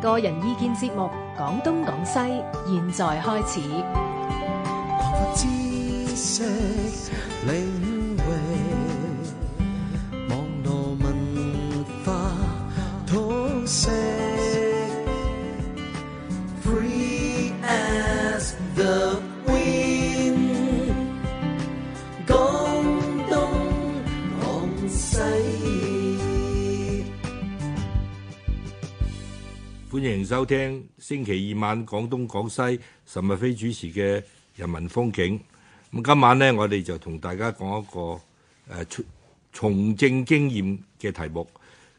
個人意見節目，講東講西，現在開始。 歡迎收聽星期二晚廣東廣西岑逸飛主持嘅《人民風景》。咁今晚呢，我哋就同大家講一個誒從、呃、政經驗嘅題目。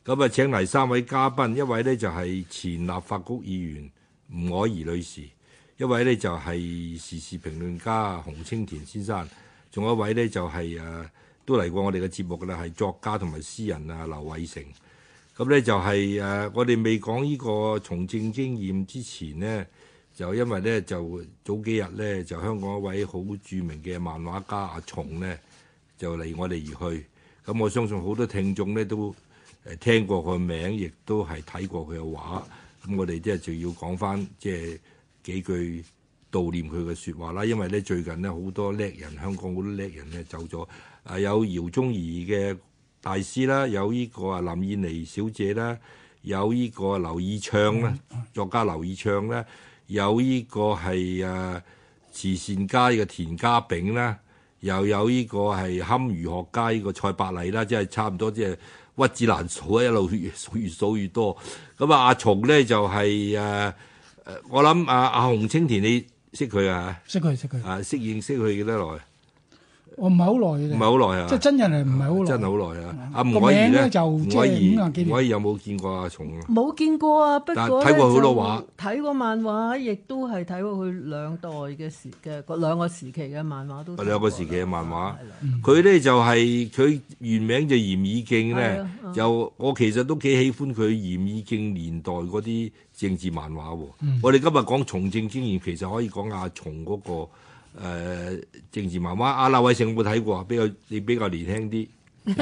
咁啊，請嚟三位嘉賓，一位呢就係、是、前立法局議員吳靄儀女士，一位呢就係、是、時事評論家洪清田先生，仲有一位呢就係、是、誒、呃、都嚟過我哋嘅節目嘅啦，係作家同埋詩人啊劉偉成。咁咧就係、是、誒、啊，我哋未講呢個從政經驗之前咧，就因為咧就早幾日咧就香港一位好著名嘅漫畫家阿松咧就離我哋而去。咁我相信好多聽眾咧都誒聽過佢名，亦都係睇過佢嘅畫。咁我哋即係就要講返即係幾句悼念佢嘅説話啦。因為咧最近咧好多叻人，香港好多叻人咧走咗。啊，有姚宗怡嘅。大師啦，有呢個啊林燕妮小姐啦，有呢個劉以鬯啦，作家劉以鬯啦，有呢個係誒慈善家嘅田家炳啦，又有呢個係堪輿學家呢個蔡伯麗啦，即係差唔多即係屈指難數一路越越數越多。咁啊，阿松咧就係、是、誒，我諗啊啊洪清田你識佢啊？識佢識佢啊？識認識佢幾多耐？我唔係好耐嘅，即係真人嚟唔係好耐啊！真係好耐啊！阿吳靄儀咧，吳靄儀有冇見過阿蟲？冇見過啊！不過睇過好多畫，睇過漫畫，亦都係睇過佢兩代嘅時嘅兩個時期嘅漫畫都。兩個時期嘅漫畫，佢呢就係佢原名就嚴以敬咧，就我其實都幾喜歡佢嚴以敬年代嗰啲政治漫畫喎。我哋今日講從政經驗，其實可以講阿蟲嗰個。誒、呃，政治漫畫阿劉偉成有冇睇過？比較你比較年輕啲，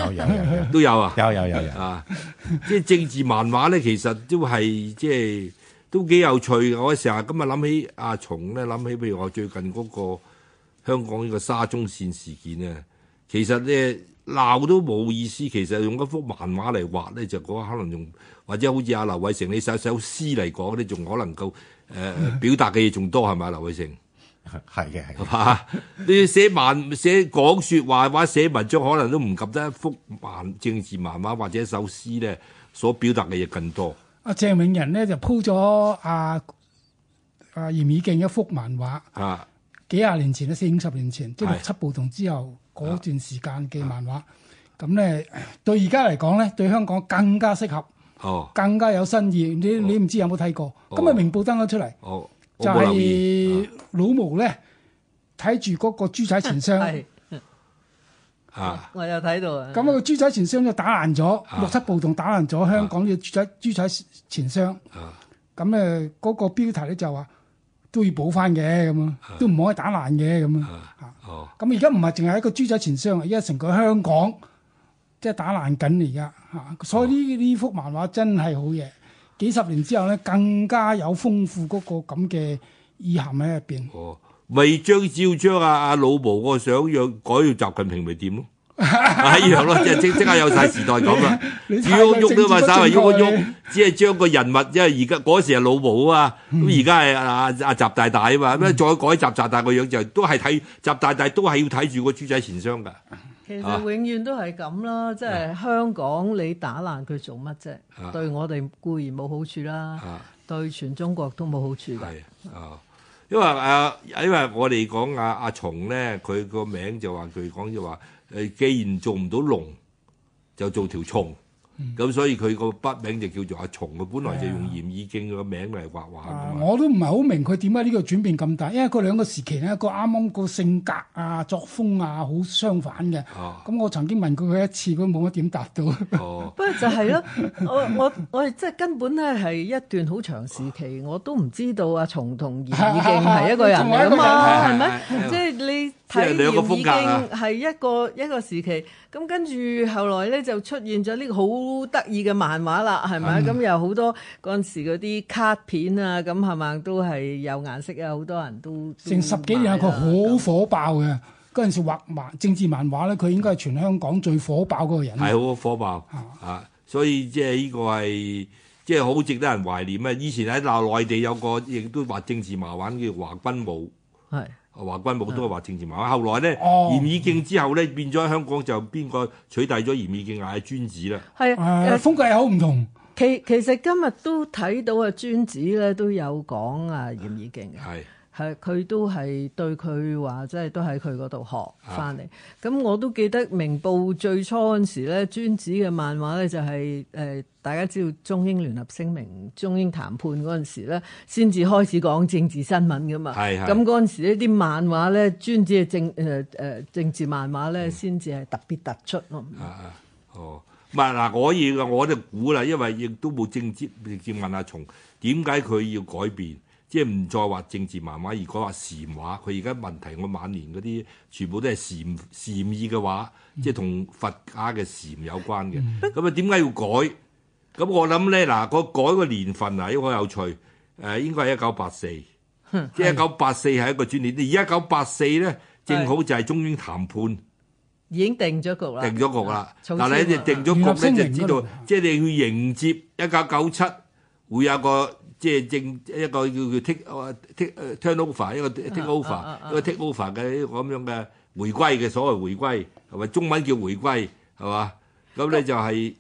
有有，有都有啊，有有有啊， 即係政治漫畫咧，其實都係即係都幾有趣噶。我成日今日諗起阿、啊、松咧，諗起譬如我最近嗰個香港呢個沙中綫事件啊，其實咧鬧都冇意思，其實用一幅漫畫嚟畫咧，就嗰可能用或者好似阿劉偉成你寫首詩嚟講咧，仲可能夠誒、呃、表達嘅嘢仲多係咪？劉偉成。係嘅，係 你寫漫寫講說話或者寫文章，可能都唔及得一幅漫政治漫畫或者一首詩咧，所表達嘅嘢更多。阿鄭永仁呢就鋪咗阿阿嚴以敬一幅漫畫，啊，啊幾廿年前啦，四五十年前，即係六七暴動之後嗰段時間嘅漫畫。咁咧、啊啊啊，對而家嚟講咧，對香港更加適合，哦，更加有新意。你、哦、你唔知有冇睇過？今日明報登咗出嚟。就係老毛咧睇住嗰個豬仔錢箱啊！ 我又睇到啊！咁啊，豬仔錢箱就打爛咗，六七暴動打爛咗香港嘅豬仔豬仔錢箱啊！咁咧嗰個標題咧就話都要補翻嘅咁啊，都唔可以打爛嘅咁啊嚇！咁而家唔係淨係一個豬仔錢箱啊，而家成個香港即係打爛緊嚟噶嚇！所以呢呢幅漫畫真係好嘢。幾十年之後咧，更加有豐富嗰個咁嘅意涵喺入邊。哦，咪將照將阿阿老毛個想象改做習近平咪點咯，一樣咯，即係即即刻有晒時代感啦。只要喐啊嘛，稍微喐一喐，只係將個人物，即係而家嗰時係老毛啊，咁而家係阿阿習大大啊嘛，咁 再改習習大大個樣就都係睇習大大，大，大都，都係要睇住個豬仔錢箱噶。其實永遠都係咁囉，啊、即係香港你打爛佢做乜啫？啊、對我哋固然冇好處啦，啊、對全中國都冇好處㗎。係啊的，的因為啊，因為我哋講阿阿蟲咧，佢、啊、個名就話佢講就話、是、誒，既然做唔到龍，就做條蟲。咁所以佢個筆名就叫做阿松，佢本來就用嚴以敬個名嚟畫畫。我都唔係好明佢點解呢個轉變咁大，因為佢兩個時期咧，個啱啱個性格啊、作風啊，好相反嘅。咁我曾經問過佢一次，佢冇乜點答到。不過就係咯，我我我係即係根本咧係一段好長時期，我都唔知道阿松同嚴以敬係一個人嚟係咪？即係你睇，嚴以敬係一個一個時期。咁跟住後來咧就出現咗呢個好。都得意嘅漫畫啦，係咪啊？咁又好多嗰陣時嗰啲卡片啊，咁係咪都係有顏色啊？好多人都成十幾年啊，佢好火爆嘅。嗰陣樣時畫漫政治漫畫咧，佢應該係全香港最火爆嗰個人。係好火爆啊！所以即係呢個係即係好值得人懷念啊！以前喺內地有個亦都畫政治漫畫嘅叫華君武。係。華君武都係畫政治畫畫，後來咧，嚴以敬之後咧，變咗香港就邊個取代咗嚴以敬，嗌尊子啦，係、呃、風格又好唔同。其其實今日都睇到啊，尊子咧都有講啊嚴以敬嘅。嗯。係，佢都係對佢話，即係都喺佢嗰度學翻嚟。咁我都記得《明報》最初嗰陣時咧，尊子嘅漫畫咧就係、是、誒、呃、大家知道中英聯合聲明、中英談判嗰陣時咧，先至開始講政治新聞噶嘛。係咁嗰陣時呢啲漫畫咧，尊子嘅政誒誒政治漫畫咧，先至係特別突出咯、啊。哦，唔係嗱，可以㗎，我就估啦，因為亦都冇直接直接問,問阿松點解佢要改變。即係唔再話政治漫畫，而改話禪畫。佢而家問題，我晚年嗰啲全部都係禪禪意嘅畫，即係同佛家嘅禪有關嘅。咁啊、嗯，點解要改？咁我諗咧，嗱個改個年份啊、呃，應該有趣。誒，應該係一九八四。即係一九八四係一個轉捩。的而一九八四咧，正好就係中英談判的已經定咗局啦。定咗局啦。嗱、啊，你一定咗局咧，就知道即係你去迎接一九九七會有個。即係正一個叫佢 take uh, take、uh, turnover，一個 take over，一個 take over 嘅呢、uh, uh, uh, 個咁樣嘅回歸嘅所謂回歸，係咪中文叫回歸？係嘛？咁咧就係、是，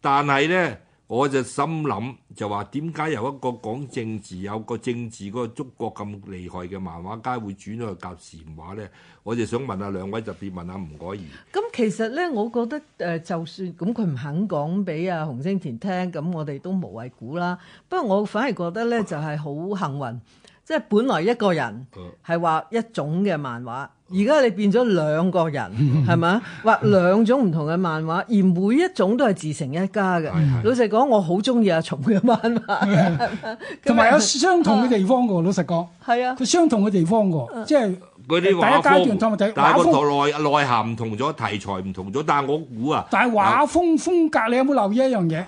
但係咧我就心諗。就話點解有一個講政治、有個政治嗰個觸角咁厲害嘅漫畫家會轉咗去夾時畫咧？我就想問下兩位，特別問下吳靄儀。咁、嗯、其實咧，我覺得誒、呃，就算咁佢唔肯講俾阿洪清田聽，咁、嗯、我哋都無謂估啦。不過我反而覺得咧，就係、是、好幸運，嗯、即係本來一個人係話一種嘅漫畫。嗯而家你變咗兩個人，係咪？畫兩種唔同嘅漫畫，而每一種都係自成一家嘅。是是老實講，我好中意阿松嘅漫畫，同埋是有相同嘅地方嘅。啊、老實講，係是啊，佢相同嘅地方嘅，啊、即係佢啲畫風第一階段，第一但係就畫風內內涵唔同咗，題材唔同咗，但係我估啊，但係畫風風格，你有冇留意一樣嘢？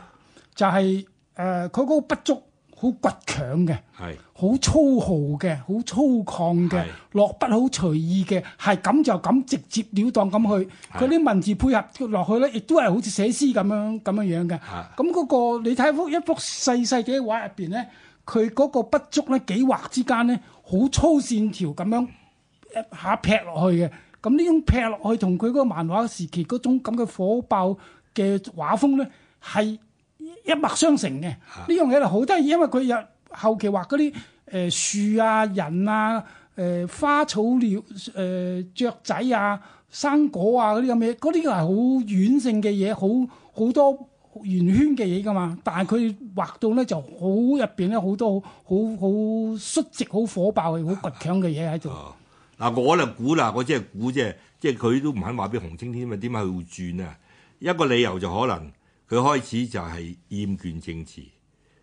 就係、是、誒，佢、呃、嗰、呃、個不足。好倔強嘅，好是的 粗豪嘅，好粗獷嘅，是的 落筆好隨意嘅，係咁就咁直接了當咁去。佢啲是的 文字配合落去咧，亦都係好似寫詩咁樣咁樣樣嘅。咁嗰是的、嗰個你睇一幅細細嘅畫入邊咧，佢嗰個筆觸咧幾畫之間咧，好粗線條咁樣一下劈落去嘅。咁呢種劈落去同佢嗰個漫畫時期嗰種咁嘅火爆嘅畫風咧，係。一脈相承嘅，呢樣嘢就好得意，因為佢有後期畫嗰啲誒樹啊、人啊、誒、呃、花草鳥、誒、呃、雀仔啊、生果啊嗰啲咁嘅，嗰啲係好軟性嘅嘢，好好多圓圈嘅嘢噶嘛。但係佢畫到咧就好入邊咧好多好好率直、好火爆嘅、好倔強嘅嘢喺度。嗱、啊啊，我就估啦，我即係估啫，即係佢都唔肯話俾洪清田咪點解佢會轉啊？一個理由就可能。佢開始就係厭倦政治，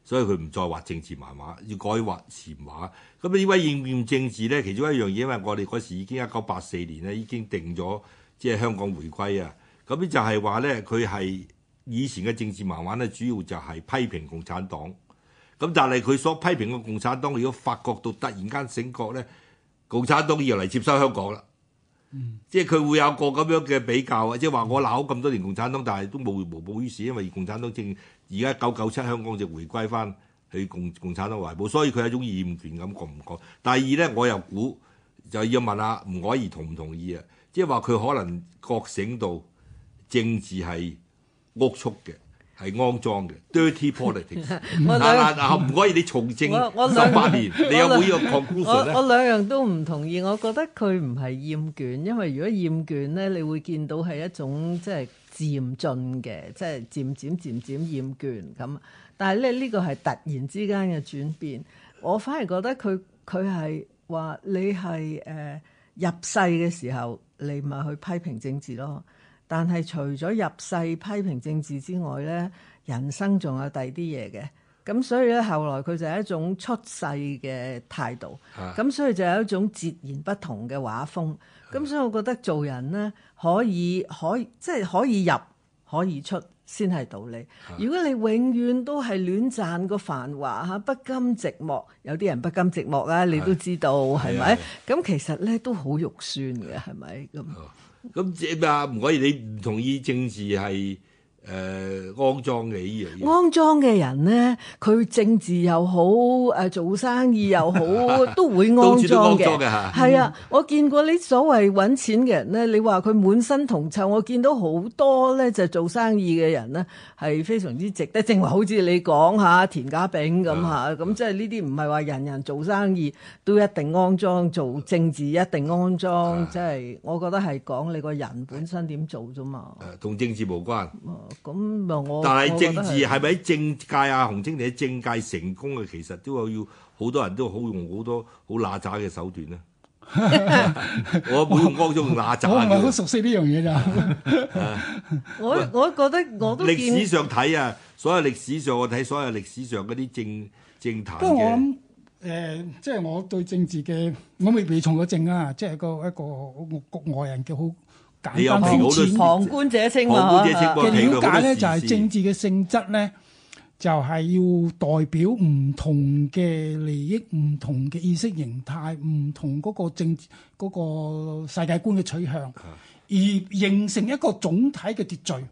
所以佢唔再畫政治漫畫，要改畫禪畫。咁呢位厭倦政治咧，其中一樣嘢，因為我哋嗰時已經一九八四年咧，已經定咗即係香港回歸啊。咁就係話咧，佢係以前嘅政治漫畫咧，主要就係批評共產黨。咁但係佢所批評嘅共產黨，如果發覺到突然間醒覺咧，共產黨要嚟接收香港啦。嗯，即係佢會有個咁樣嘅比較啊，即係話我鬧咁多年共產黨，但係都冇無補於事，因為共產黨政而家九九七香港就回歸翻去共共產黨懷抱，所以佢係一種厭倦感覺唔講。第二咧，我又估就要問,問下吳靄儀同唔同意啊？即係話佢可能覺醒到政治係齷齪嘅。係骯髒嘅 dirty politics 樣。嗱嗱，唔可以你從政十八年，你有冇呢？我我兩樣都唔同意。我覺得佢唔係厭倦，因為如果厭倦咧，你會見到係一種即係漸進嘅，即係漸，漸漸漸漸厭倦咁。但係咧呢個係突然之間嘅轉變。我反而覺得佢佢係話你係誒、呃、入世嘅時候，你咪去批評政治咯。但係除咗入世批評政治之外咧，人生仲有第二啲嘢嘅，咁所以咧後來佢就係一種出世嘅態度，咁、啊、所以就有一種截然不同嘅畫風，咁所以我覺得做人咧可以可即係可以、就是、可以入可以出先係道理，啊、如果你永遠都係亂讚個繁華吓，不甘寂寞，有啲人不甘寂寞啊，你都知道係咪？咁其實咧都好肉酸嘅，係咪咁？咁即係嘛，唔可以，你唔同意政治係。誒骯髒嘅呢樣嘢，骯髒嘅人呢，佢政治又好，誒、呃、做生意又好，都會骯髒嘅。到處都骯髒嘅。 係啊，嗯、我見過啲所謂揾錢嘅人呢，你話佢滿身銅臭，我見到好多呢，就是、做生意嘅人呢，係非常之值得。正話好似你講下田家炳咁嚇，咁即係呢啲唔係話人人做生意都一定骯髒，做政治一定骯髒。即係、啊啊、我覺得係講你個人本身點做啫嘛。同、啊、政治無關。咁咪我，但係政治係咪喺政界啊？洪清田喺政界成功嘅、啊，其實都係要好多人都好用好多好邋遢嘅手段啊。 我冇用嗰種邋遢。 我唔係好熟悉呢樣嘢就。我我覺得我都見。歷史上睇啊，所有歷史上我睇所有歷史上嗰啲政政壇嘅。不過我諗誒，即係我對政治嘅，我未未從過政啊，即係一個一個局外人嘅好。但係旁觀者清啊！嘅了吧解咧就係、是、政治嘅性質咧，就係、是、要代表唔同嘅利益、唔同嘅意識形態、唔同嗰個政嗰、那個、世界觀嘅取向，而形成一個總體嘅秩序。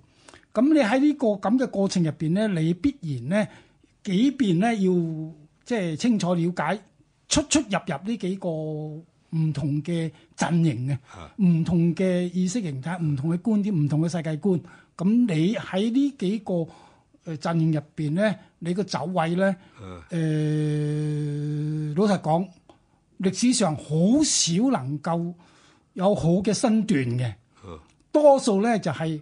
咁你喺呢個咁嘅過程入邊咧，你必然咧幾便咧要即係清楚了解出出入入呢幾個。唔同嘅陣營嘅，唔、啊、同嘅意識形態，唔、啊、同嘅觀點，唔、啊、同嘅世界觀。咁、啊、你喺呢幾個陣營入邊咧，你個走位咧，誒、啊呃、老實講，歷史上好少能夠有好嘅身段嘅，啊、多數咧就係、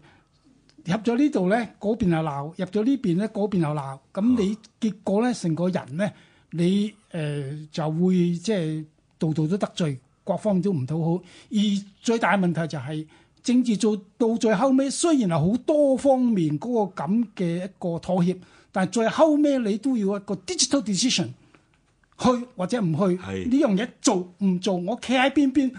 是、入咗呢度咧，嗰邊又鬧；入咗呢邊咧，嗰邊又鬧。咁你結果咧，成個人咧，你誒、呃、就會即係。即度度都得罪，各方都唔討好，而最大問題就係、是、政治做到最後尾。雖然係好多方面嗰個咁嘅一個妥協，但係最後尾你都要一個 digital decision 去或者唔去係呢樣嘢做唔做？我企喺邊邊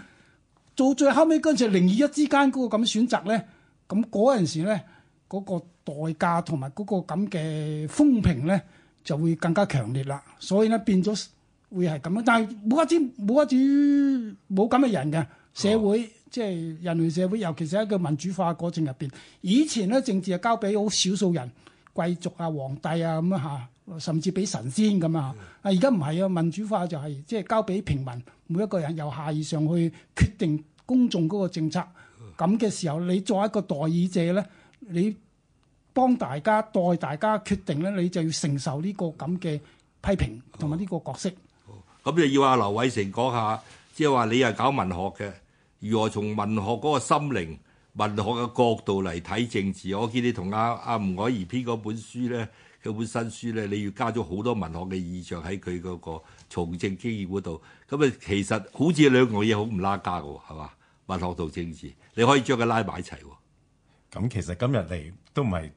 做最後尾跟住零二一之間嗰個咁選擇咧，咁嗰陣時咧嗰、那個代價同埋嗰個咁嘅風評咧就會更加強烈啦。所以咧變咗。會係咁樣，但係冇一啲冇一啲冇咁嘅人嘅社會，即係人類社會，尤其是一個民主化過程入邊。以前咧，政治係交俾好少數人，貴族啊、皇帝啊咁樣吓，甚至俾神仙咁啊。啊，而家唔係啊，民主化就係即係交俾平民，每一個人由下而上去決定公眾嗰個政策。咁嘅時候，你作為一個代議者咧，你幫大家代大家決定咧，你就要承受呢個咁嘅批評同埋呢個角色。咁就要阿劉偉成講下，即係話你係搞文學嘅，如何從文學嗰個心靈、文學嘅角度嚟睇政治？我見你同阿阿吳凱兒編嗰本書咧，有本新書咧，你要加咗好多文學嘅意象喺佢嗰個從政經驗嗰度。咁啊，其實好似兩個嘢好唔拉家嘅喎，係嘛？文學到政治，你可以將佢拉埋一齊，哦。咁其實今日嚟都唔係，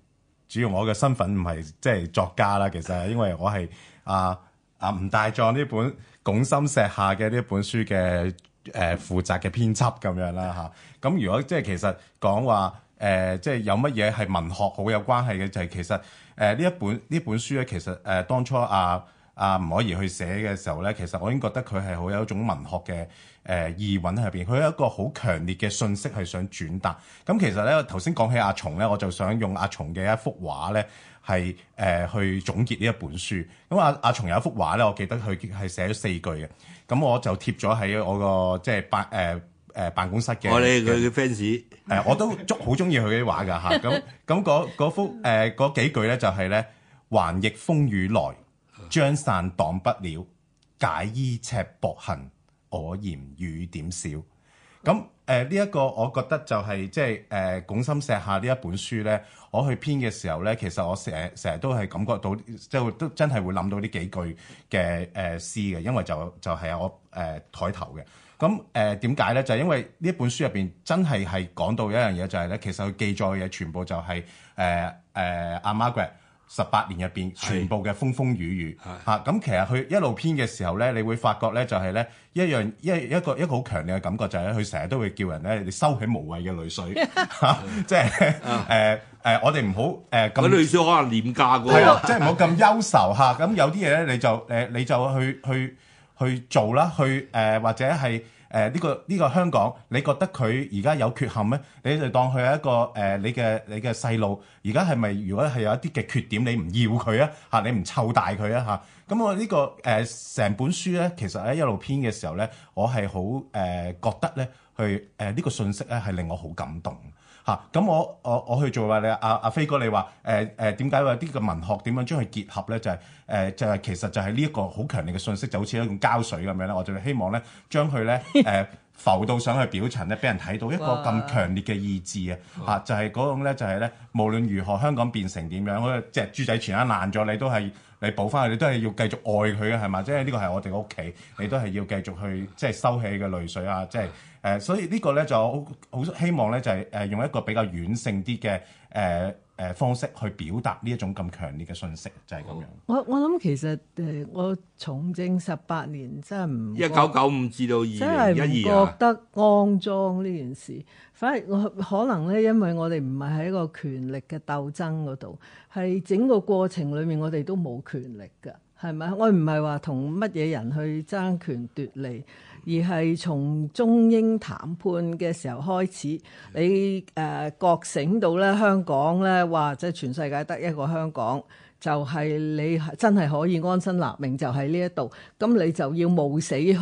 主要我嘅身份唔係即係作家啦。其實因為我係阿阿吳大狀呢本。拱心石下嘅呢、呃啊呃就是就是呃、一,一本書嘅誒負責嘅編輯咁樣啦嚇，咁如果即係其實講話誒，即係有乜嘢係文學好有關係嘅就係其實誒呢一本呢本書咧，其實誒當初阿、啊、阿、啊、吳靄儀去寫嘅時候咧，其實我已經覺得佢係好有一種文學嘅誒、呃、意韻喺入邊，佢有一個好強烈嘅訊息係想轉達。咁、嗯、其實咧頭先講起阿、啊、松咧，我就想用阿、啊、松嘅一幅畫咧。係誒、呃、去總結呢一本書，咁阿阿松有一幅畫咧，我記得佢係寫咗四句嘅，咁我就貼咗喺我個即係辦誒誒辦公室嘅、呃。我係佢嘅 fans，誒我都中好中意佢啲畫㗎嚇，咁咁嗰幅誒嗰幾句咧就係、是、咧，還逆風雨來，將散擋不了，解衣赤薄行，我嫌雨點少。」咁。誒呢一個我覺得就係、是、即係誒、呃《拱心石》下呢一本書咧，我去編嘅時候咧，其實我成成日都係感覺到，即係都真係會諗到呢幾句嘅誒、呃、詩嘅，因為就就係我誒抬頭嘅。咁誒點解咧？就係呃呃為呢就係、因為呢一本書入邊真係係講到一樣嘢就係咧，其實佢記載嘅嘢全部就係誒誒阿 Margaret。十八年入面，全部嘅風風雨雨，嚇咁的、啊、其實佢一路編嘅時候咧，你會發覺咧就係咧一樣一一個一個好強烈嘅感覺就係咧，佢成日都會叫人咧，你收起無謂嘅淚水嚇，即係誒誒，我哋唔好誒咁，啲淚水可能廉價㗎啊，即係唔好咁、啊啊、憂愁嚇，咁、啊、有啲嘢咧你就誒你就去去去做啦，去誒、啊、或者係。誒呢、呃、這個呢、這個香港，你覺得佢而家有缺陷咩？你就當佢係一個誒、呃，你嘅你嘅細路，而家係咪如果係有一啲嘅缺點，你唔要佢啊？嚇，你唔湊大佢啊？嚇、這個，咁我呢個誒成本書咧，其實喺一路編嘅時候咧，我係好誒覺得咧，去誒、呃、這個、呢個訊息咧係令我好感動。咁、啊、我我我去做啦、啊啊、你阿阿飛哥，你話誒誒點解話啲個文學點樣將佢結合咧？就係、是、誒、呃、就係、是、其實就係呢一個好強烈嘅信息，就好似一種膠水咁樣咧。我就希望咧，將佢咧誒浮到上去表層咧，俾人睇到一個咁強烈嘅意志哇啊！嚇、就是，就係嗰種咧，就係咧，無論如何香港變成點樣，嗰隻好豬仔全生爛咗，你都係你補翻佢，你都係要繼續愛佢嘅，係嘛？即係呢個係我哋屋企，你都係要繼續去即係收起嘅淚水啊！即係。誒，uh, 所以呢個咧就好好希望咧，就係誒用一個比較軟性啲嘅誒誒方式去表達呢一種咁強烈嘅信息，就係咁樣。好我我諗其實誒，我從政十八年真係唔，一九九五至到二零一二，真係唔覺得骯髒呢件事。反而我可能咧，因為我哋唔係喺一個權力嘅鬥爭嗰度，係整個過程裡面我哋都冇權力㗎，係咪？我唔係話同乜嘢人去爭權奪利。而係從中英談判嘅時候開始，你誒、呃、覺醒到咧香港咧，哇！即係全世界得一個香港。就係你真係可以安身立命就喺呢一度，咁你就要冒死去去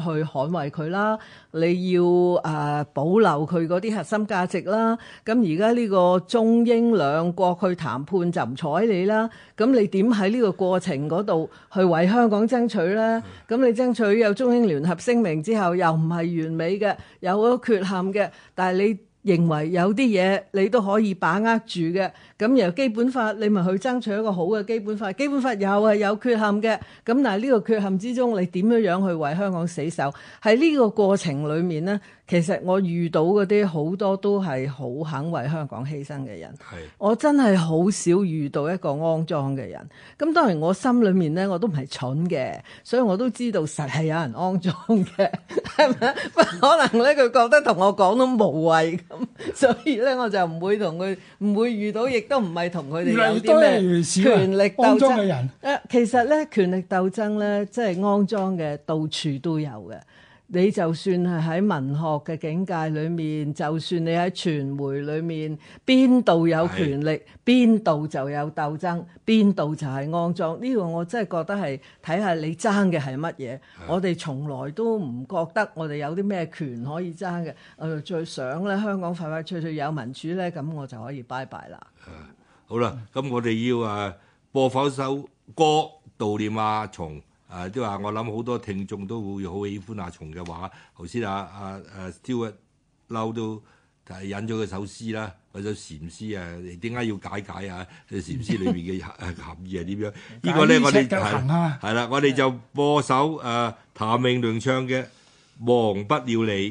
捍衞佢啦，你要誒、呃、保留佢嗰啲核心價值啦。咁而家呢個中英兩國去談判就唔睬你啦，咁你點喺呢個過程嗰度去為香港爭取呢？咁你爭取有中英聯合聲明之後又唔係完美嘅，有好多缺陷嘅，但係你認為有啲嘢你都可以把握住嘅。咁由基本法，你咪去爭取一個好嘅基本法。基本法又係有缺陷嘅。咁嗱，呢個缺陷之中，你點樣樣去為香港死守？喺呢個過程裏面咧，其實我遇到嗰啲好多都係好肯為香港犧牲嘅人。係是我真係好少遇到一個骯髒嘅人。咁當然我心裏面咧，我都唔係蠢嘅，所以我都知道實係有人骯髒嘅，係咪？可能咧佢覺得同我講都無謂咁，所以咧我就唔會同佢唔會遇到亦。都唔係同佢哋有啲咩權力鬥爭嘅人。誒，其實咧，權力鬥爭咧，即係骯髒嘅，到處都有嘅。你就算係喺文學嘅境界裏面，就算你喺傳媒裏面，邊度有權力，邊度的就有鬥爭，邊度就係骯髒。呢、這個我真係覺得係睇下你爭嘅係乜嘢。的我哋從來都唔覺得我哋有啲咩權可以爭嘅。我就最想咧，香港快快脆脆有民主咧，咁我就可以拜拜啦。好啦，咁我哋要啊播放首歌悼念阿、啊、松。誒即係話，我諗好多聽眾都會好喜歡阿松嘅話。頭先阿 s 阿阿 Stewart 嬲都引咗佢首詩啦，或者禪詩啊，點解要解解裡、 這個、啊？禪禪詩裏邊嘅含含義係點樣？呢個咧，我哋係啦，我哋就播首誒、啊、譚詠麟唱嘅《忘不了你》。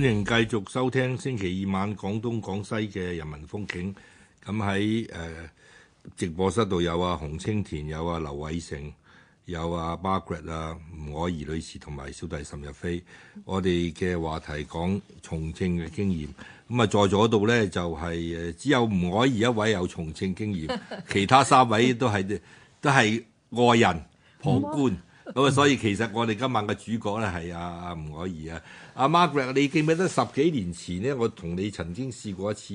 歡迎繼續收聽星期二晚廣東廣西嘅人民風景。咁喺誒直播室度有啊洪清田，有啊劉偉成，有啊 Margaret 啊吳靄儀女士同埋小弟岑逸飛。我哋嘅話題講從政嘅經驗。咁啊在座度呢，就係、是、誒只有吳靄儀一位有從政經驗， 其他三位都係 都係外人旁觀。咁 Started up 啊，所以其實我哋今晚嘅主角咧係阿阿吳凱儀啊，阿、啊啊、Margaret，你記唔記得十幾年前咧，我同你曾經試過一次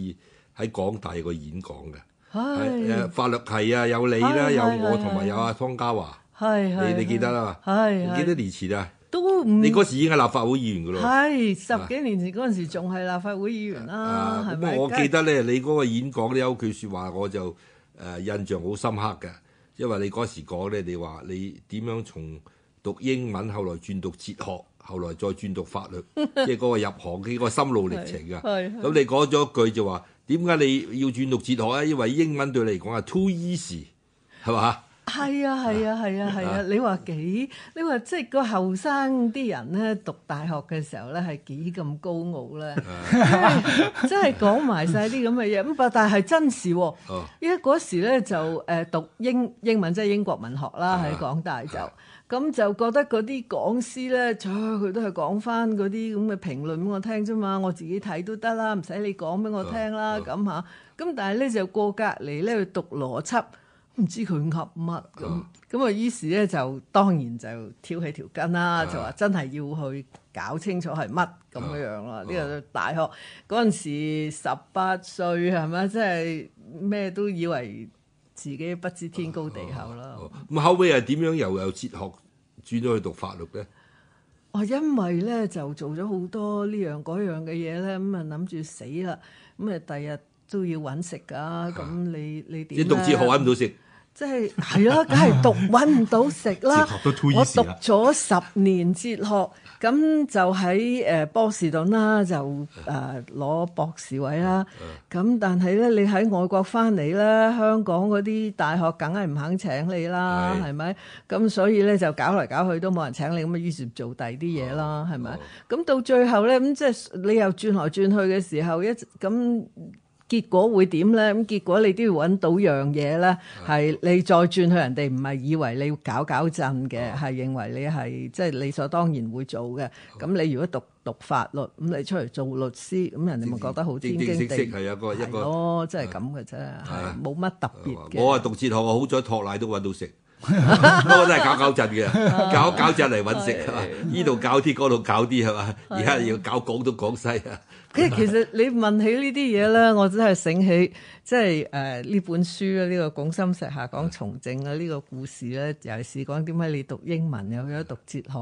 喺港大個演講嘅？是 是法律系啊，有你啦、啊，是是是是有我有、啊，同埋有阿湯家驊，你、哎、你記得啦？係幾多年前啊？都唔不你嗰時已經係立法會議員嘅咯。係是是十幾年前嗰陣時仲係立法會議員啦。咁、uh, uh, 我記得咧，你嗰個演講咧有句説話，我就誒印象好深刻嘅。嗯。因為你嗰時講咧，你話你點樣從讀英文，後來轉讀哲學，後來再轉讀法律， 即係嗰個入行嘅個心路歷程啊。咁 你講咗一句就話，點解你要轉讀哲學啊？因為英文對你嚟講係 too easy，係嘛？係啊，係啊，係啊，係啊！啊啊啊你話幾，你話即係個後生啲人咧，讀大學嘅時候咧係幾咁高傲咧？ 真係講埋晒啲咁嘅嘢咁，但係真事喎。因為嗰時咧就誒讀英英文，即、就、係、是、英國文學啦，喺港大就咁就覺得嗰啲講師咧，佢、呃、都係講返嗰啲咁嘅評論俾我聽啫嘛，我自己睇都得啦，唔使你講俾我聽啦咁吓，咁、嗯嗯嗯嗯嗯、但係咧就過隔籬咧去讀邏輯。唔知佢噏乜咁，咁啊於是咧就當然就挑起條筋啦，就話、啊、真係要去搞清楚係乜咁樣樣啦。呢、啊、個大學嗰陣、啊、時十八歲係咪？真係咩都以為自己不知天高地厚啦。咁後尾又點樣？啊啊啊啊、由有哲學轉咗去讀法律咧？我因為咧就做咗好多呢樣嗰樣嘅嘢咧，咁啊諗住死啦，咁啊第日都要搵食噶，咁、啊、你你點咧？讀哲學搵唔到食。即係係咯，梗係 讀揾唔到食啦。 我讀咗十年哲學，咁就喺誒、呃、波士頓啦，就誒攞博士位啦。咁 但係咧，你喺外國翻嚟咧，香港嗰啲大學梗係唔肯請你啦，係咪？ 咁所以咧就搞嚟搞去都冇人請你，咁啊，於是做第二啲嘢啦，係咪？ 咁到最後咧，咁即係你又轉來轉去嘅時候，一咁。結果會點咧？咁結果你都要揾到樣嘢咧，係你再轉去人哋唔係以為你要搞搞震嘅，係認為你係即係理所當然會做嘅。咁你如果讀讀法律，咁你出嚟做律師，咁人哋咪覺得好天經地義咯，即係咁嘅啫，冇乜特別嘅。我啊讀哲學，我好彩托奶都揾到食，不過我都係搞搞震嘅，搞搞震嚟揾食。呢度搞啲，嗰度搞啲，係嘛？而家要搞廣東廣西啊！其實其實你問起呢啲嘢咧，我真係醒起，即係誒呢本書咧，呢個《拱心石》下講從政嘅呢個故事咧，尤其是講點解你讀英文又去咗讀哲學，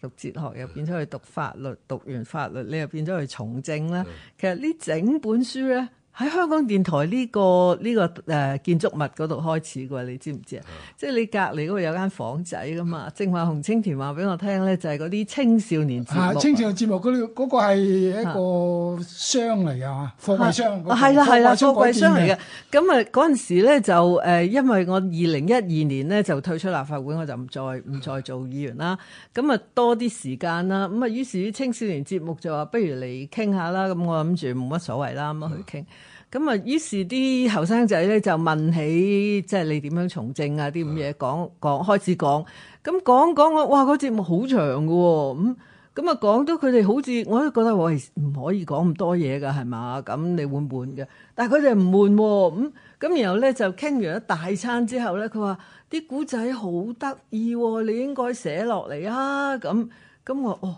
讀哲學又變咗去讀法律，讀完法律你又變咗去從政啦。其實呢整本書咧。喺香港電台呢個呢個誒建築物嗰度開始嘅，你知唔知啊？即係你隔離嗰度有間房仔噶嘛？正話洪清田話俾我聽咧，就係嗰啲青少年節青少年節目嗰，嗰個係一個箱嚟嘅嚇，貨櫃箱。係啦係啦，貨櫃箱嚟嘅。咁啊嗰陣時咧就誒，因為我二零一二年咧就退出立法會，我就唔再唔再做議員啦。咁啊多啲時間啦。咁啊於是乎青少年節目就話不如嚟傾下啦。咁我諗住冇乜所謂啦，咁啊去傾。咁啊，於是啲後生仔咧就問起，即、就、係、是、你點樣從政啊？啲咁嘢講講，開始講。咁講講我，哇！嗰節目、哦嗯嗯、好長噶喎，咁咁啊，講到佢哋好似我都覺得，我係，唔可以講咁多嘢噶係嘛？咁、嗯、你會悶嘅？但係佢哋唔悶喎，咁、嗯、咁，然後咧就傾完一大餐之後咧，佢話啲古仔好得意喎，你應該寫落嚟啊。咁咁我哦。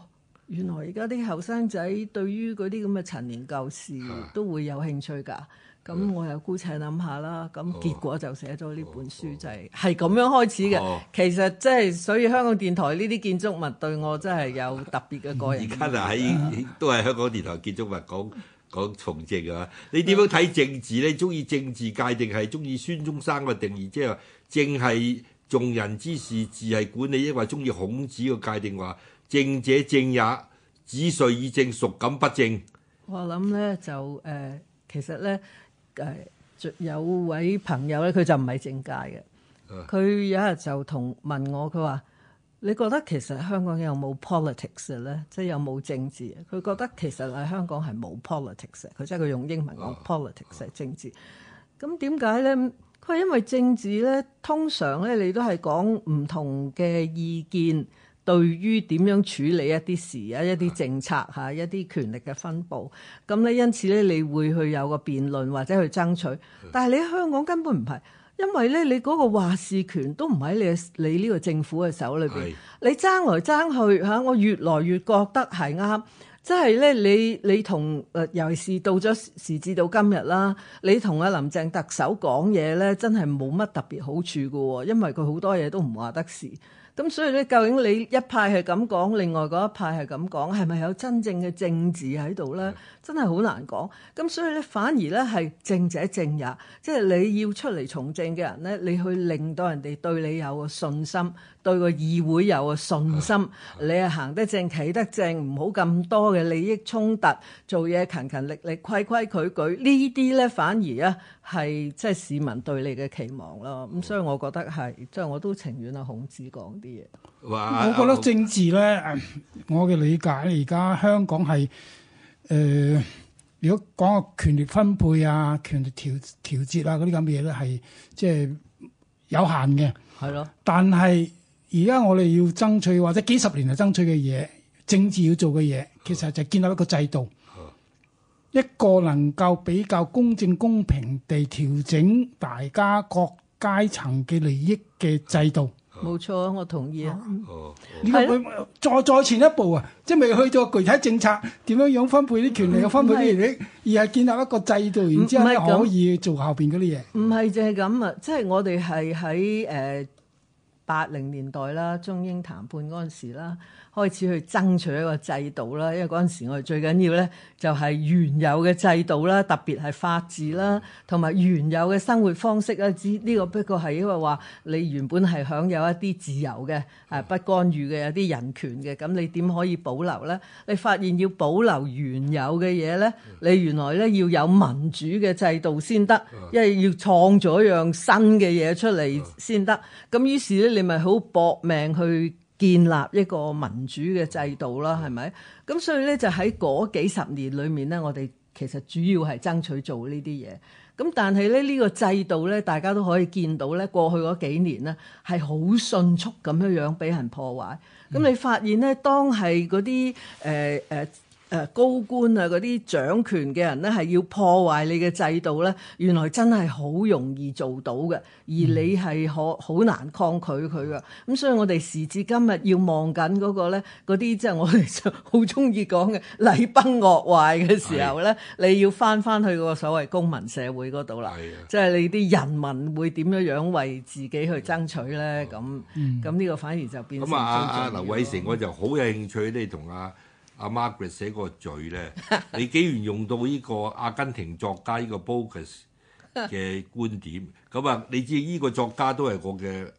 原來而家啲後生仔對於嗰啲咁嘅陳年舊事都會有興趣㗎，咁、啊、我又姑且諗下啦，咁結果就寫咗呢本書就，係咁、哦哦、樣開始嘅。哦、其實即、就、係、是、所以香港電台呢啲建築物對我真係有特別嘅個人。而家就喺都係香港電台建築物講講從政啊，你點樣睇政治咧？鍾意政治界定係鍾意孫中山嘅定義，即係話政係眾人之事，治係管理；抑或鍾意孔子嘅界定話。正者正也，子帥以正，孰敢不正？我諗咧就誒，其實咧誒，有位朋友咧，佢就唔係政界嘅，佢有一日就同問我，佢話：你覺得其實香港有冇 politics 咧？即係有冇政治？佢覺得其實喺香港係冇 politics，佢即係佢用英文講 politics 係政治。咁點解咧？佢因為政治咧，通常咧你都係講唔同嘅意見。對於點樣處理一啲事啊，一啲政策嚇，一啲權力嘅分佈，咁咧的，因此咧，你會去有個辯論或者去爭取，但係你喺香港根本唔係，因為咧，你嗰個話事權都唔喺你你呢個政府嘅手裏邊，的你爭來爭去嚇，我越來越覺得係啱，即係咧，你你同誒，尤其是到咗時至到今日啦，你同阿林鄭特首講嘢咧，真係冇乜特別好處㗎喎，因為佢好多嘢都唔話得事。咁所以咧，究竟你一派係咁講，另外嗰一派係咁講，係咪有真正嘅政治喺度咧？真係好難講。咁所以咧，反而咧係政者正也，即係你要出嚟從政嘅人咧，你去令到人哋對你有個信心。對個議會有個信心，你係行得正、企得正，唔好咁多嘅利益衝突，做嘢勤勤力力、規規矩矩呢啲咧，反而咧係即係市民對你嘅期望咯。咁所以，我覺得係即係我都情願啊。孔子講啲嘢，我覺得政治咧，我嘅理解而家香港係誒、呃，如果講個權力分配啊、權力調調節啊嗰啲咁嘅嘢咧，係即係有限嘅，係咯的，但係。而家我哋要爭取或者幾十年嚟爭取嘅嘢，政治要做嘅嘢，其實就建立一個制度，一個能夠比較公正公平地調整大家各階層嘅利益嘅制度。冇錯啊，我同意啊。哦，係咯。再再前一步啊，即係未去到具體政策點樣樣分配啲權力嘅分配啲利益，嗯嗯、而係建立一個制度，嗯嗯、然後之後咧可以做後邊嗰啲嘢。唔係就係咁啊，即係我哋係喺誒。呃八零年代啦，中英談判嗰陣時啦。開始去爭取一個制度啦，因為嗰陣時我哋最緊要咧就係原有嘅制度啦，特別係法治啦，同埋原有嘅生活方式啦。之呢個不過係因為話你原本係享有一啲自由嘅，誒不干預嘅有啲人權嘅，咁你點可以保留咧？你發現要保留原有嘅嘢咧，你原來咧要有民主嘅制度先得，因為要創咗一樣新嘅嘢出嚟先得。咁於是咧你咪好搏命去。建立一個民主嘅制度啦，係咪？咁所以呢，就喺嗰幾十年裏面呢，我哋其實主要係爭取做呢啲嘢。咁但係呢，呢個制度呢，大家都可以見到呢，過去嗰幾年呢，係好迅速咁樣樣俾人破壞。咁你發現呢，當係嗰啲誒誒。呃呃誒高官啊，嗰啲掌權嘅人咧，係要破壞你嘅制度咧，原來真係好容易做到嘅，而你係可好難抗拒佢嘅。咁、嗯、所以，我哋時至今日要望緊嗰個咧，嗰啲即係我哋就好中意講嘅禮崩樂壞嘅時候咧，啊、你要翻翻去個所謂公民社會嗰度啦，即係、啊、你啲人民會點樣樣為自己去爭取咧？咁咁呢個反而就變咁啊！阿阿劉偉成，我就好有興趣你同阿。阿 Margaret 寫個罪咧， 你既然用到呢個阿根廷作家呢個 Borges 嘅觀點，咁啊，你知呢個作家都係我嘅，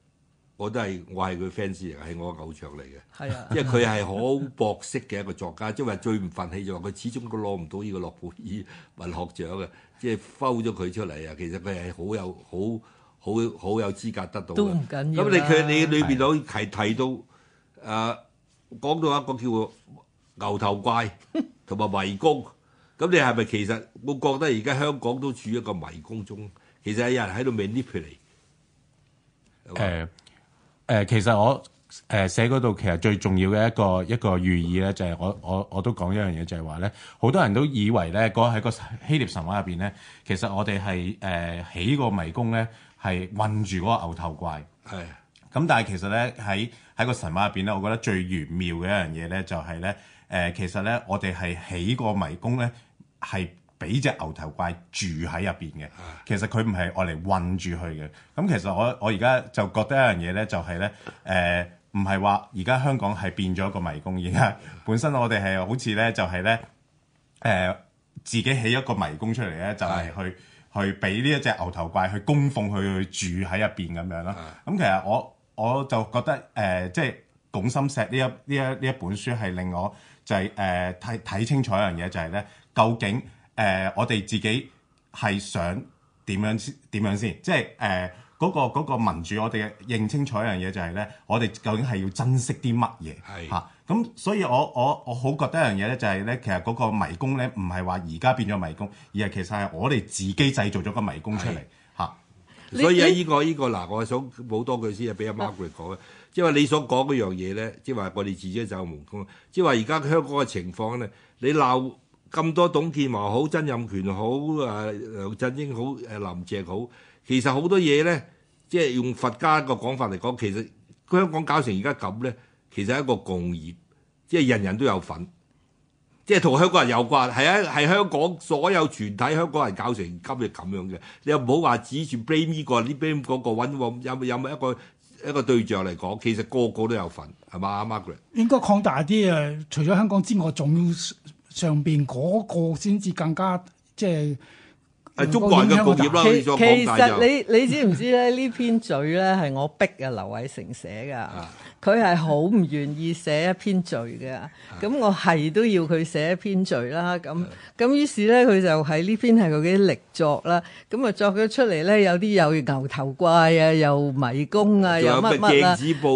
我都係我係佢 fans 嚟係我偶像嚟嘅。係啊，因為佢係好博識嘅一個作家，即係話最唔憤氣就話佢始終都攞唔到呢個諾貝爾文學獎嘅，即係剖咗佢出嚟啊！其實佢係好有好好好有資格得到嘅。都唔緊要。咁你佢你裏邊可以提提到誒、 啊、講到一個叫？牛頭怪同埋迷宮，咁 你係咪其實我覺得而家香港都處於一個迷宮中？其實有人喺度 manipulate。誒誒、呃呃，其實我誒、呃、寫嗰度其實最重要嘅一個一個寓意咧，就係、是、我我我都講一樣嘢，就係話咧，好多人都以為咧，嗰個喺個希臘神話入邊咧，其實我哋係誒起個迷宮咧，係困住嗰個牛頭怪。係的。咁但係其實咧喺喺個神話入邊咧，我覺得最玄妙嘅一樣嘢咧，就係、是、咧。誒、呃，其實咧，我哋係起個迷宮咧，係俾隻牛頭怪住喺入邊嘅。其實佢唔係用嚟困住佢嘅。咁、嗯、其實我我而家就覺得一樣嘢咧，就係咧誒，唔係話而家香港係變咗一個迷宮，而家本身我哋係好似咧就係咧誒自己起一個迷宮出嚟咧，就係、是、去的去俾呢一隻牛頭怪去供奉佢去住喺入邊咁樣咯。咁的、嗯、其實我我就覺得誒、呃，即係《拱心石》呢一呢一呢一本書係令我。就係誒睇睇清楚一樣嘢，就是，就係咧究竟誒、呃、我哋自己係想點樣先點樣先，即係誒嗰個嗰個民主，我哋認清楚一樣嘢就係、是、咧，我哋究竟係要珍惜啲乜嘢？係嚇咁，所以我我我好覺得一樣嘢咧，就係、是、咧，其實嗰個迷宮咧，唔係話而家變咗迷宮，而係其實係我哋自己製造咗個迷宮出嚟。所以喺、這、依個呢是、這個嗱，我想補多句先啊，俾阿 Margaret 講咧，即係話你所講嗰樣嘢咧，即係話我哋自己走門框，即係話而家香港嘅情況咧，你鬧咁多董建華好、曾蔭權好、啊梁振英好、誒林鄭好，其實好多嘢咧，即、就、係、是、用佛家個講法嚟講，其實香港搞成而家咁咧，其實一個共業，即、就、係、是、人人都有份。即係同香港人有關，係啊，係香港所有全體香港人搞成今日咁樣嘅。你又唔好話指住 blame 呢個，呢 blame 嗰個揾個有冇有冇一個一個對象嚟講，其實個個都有份，係嘛，阿 Margaret？應該擴大啲啊！除咗香港之外，仲要上邊嗰個先至更加即係。係中國人嘅共業啦，其實你你知唔知咧？呢 篇嘴咧係我逼嘅劉偉成寫㗎。 佢係好唔願意寫一篇序嘅，咁我係都要佢寫一篇序啦。咁咁於是咧，佢就喺呢篇係佢嘅力作啦。咁啊，作咗出嚟咧，有啲又牛頭怪啊，又迷宮啊，又乜乜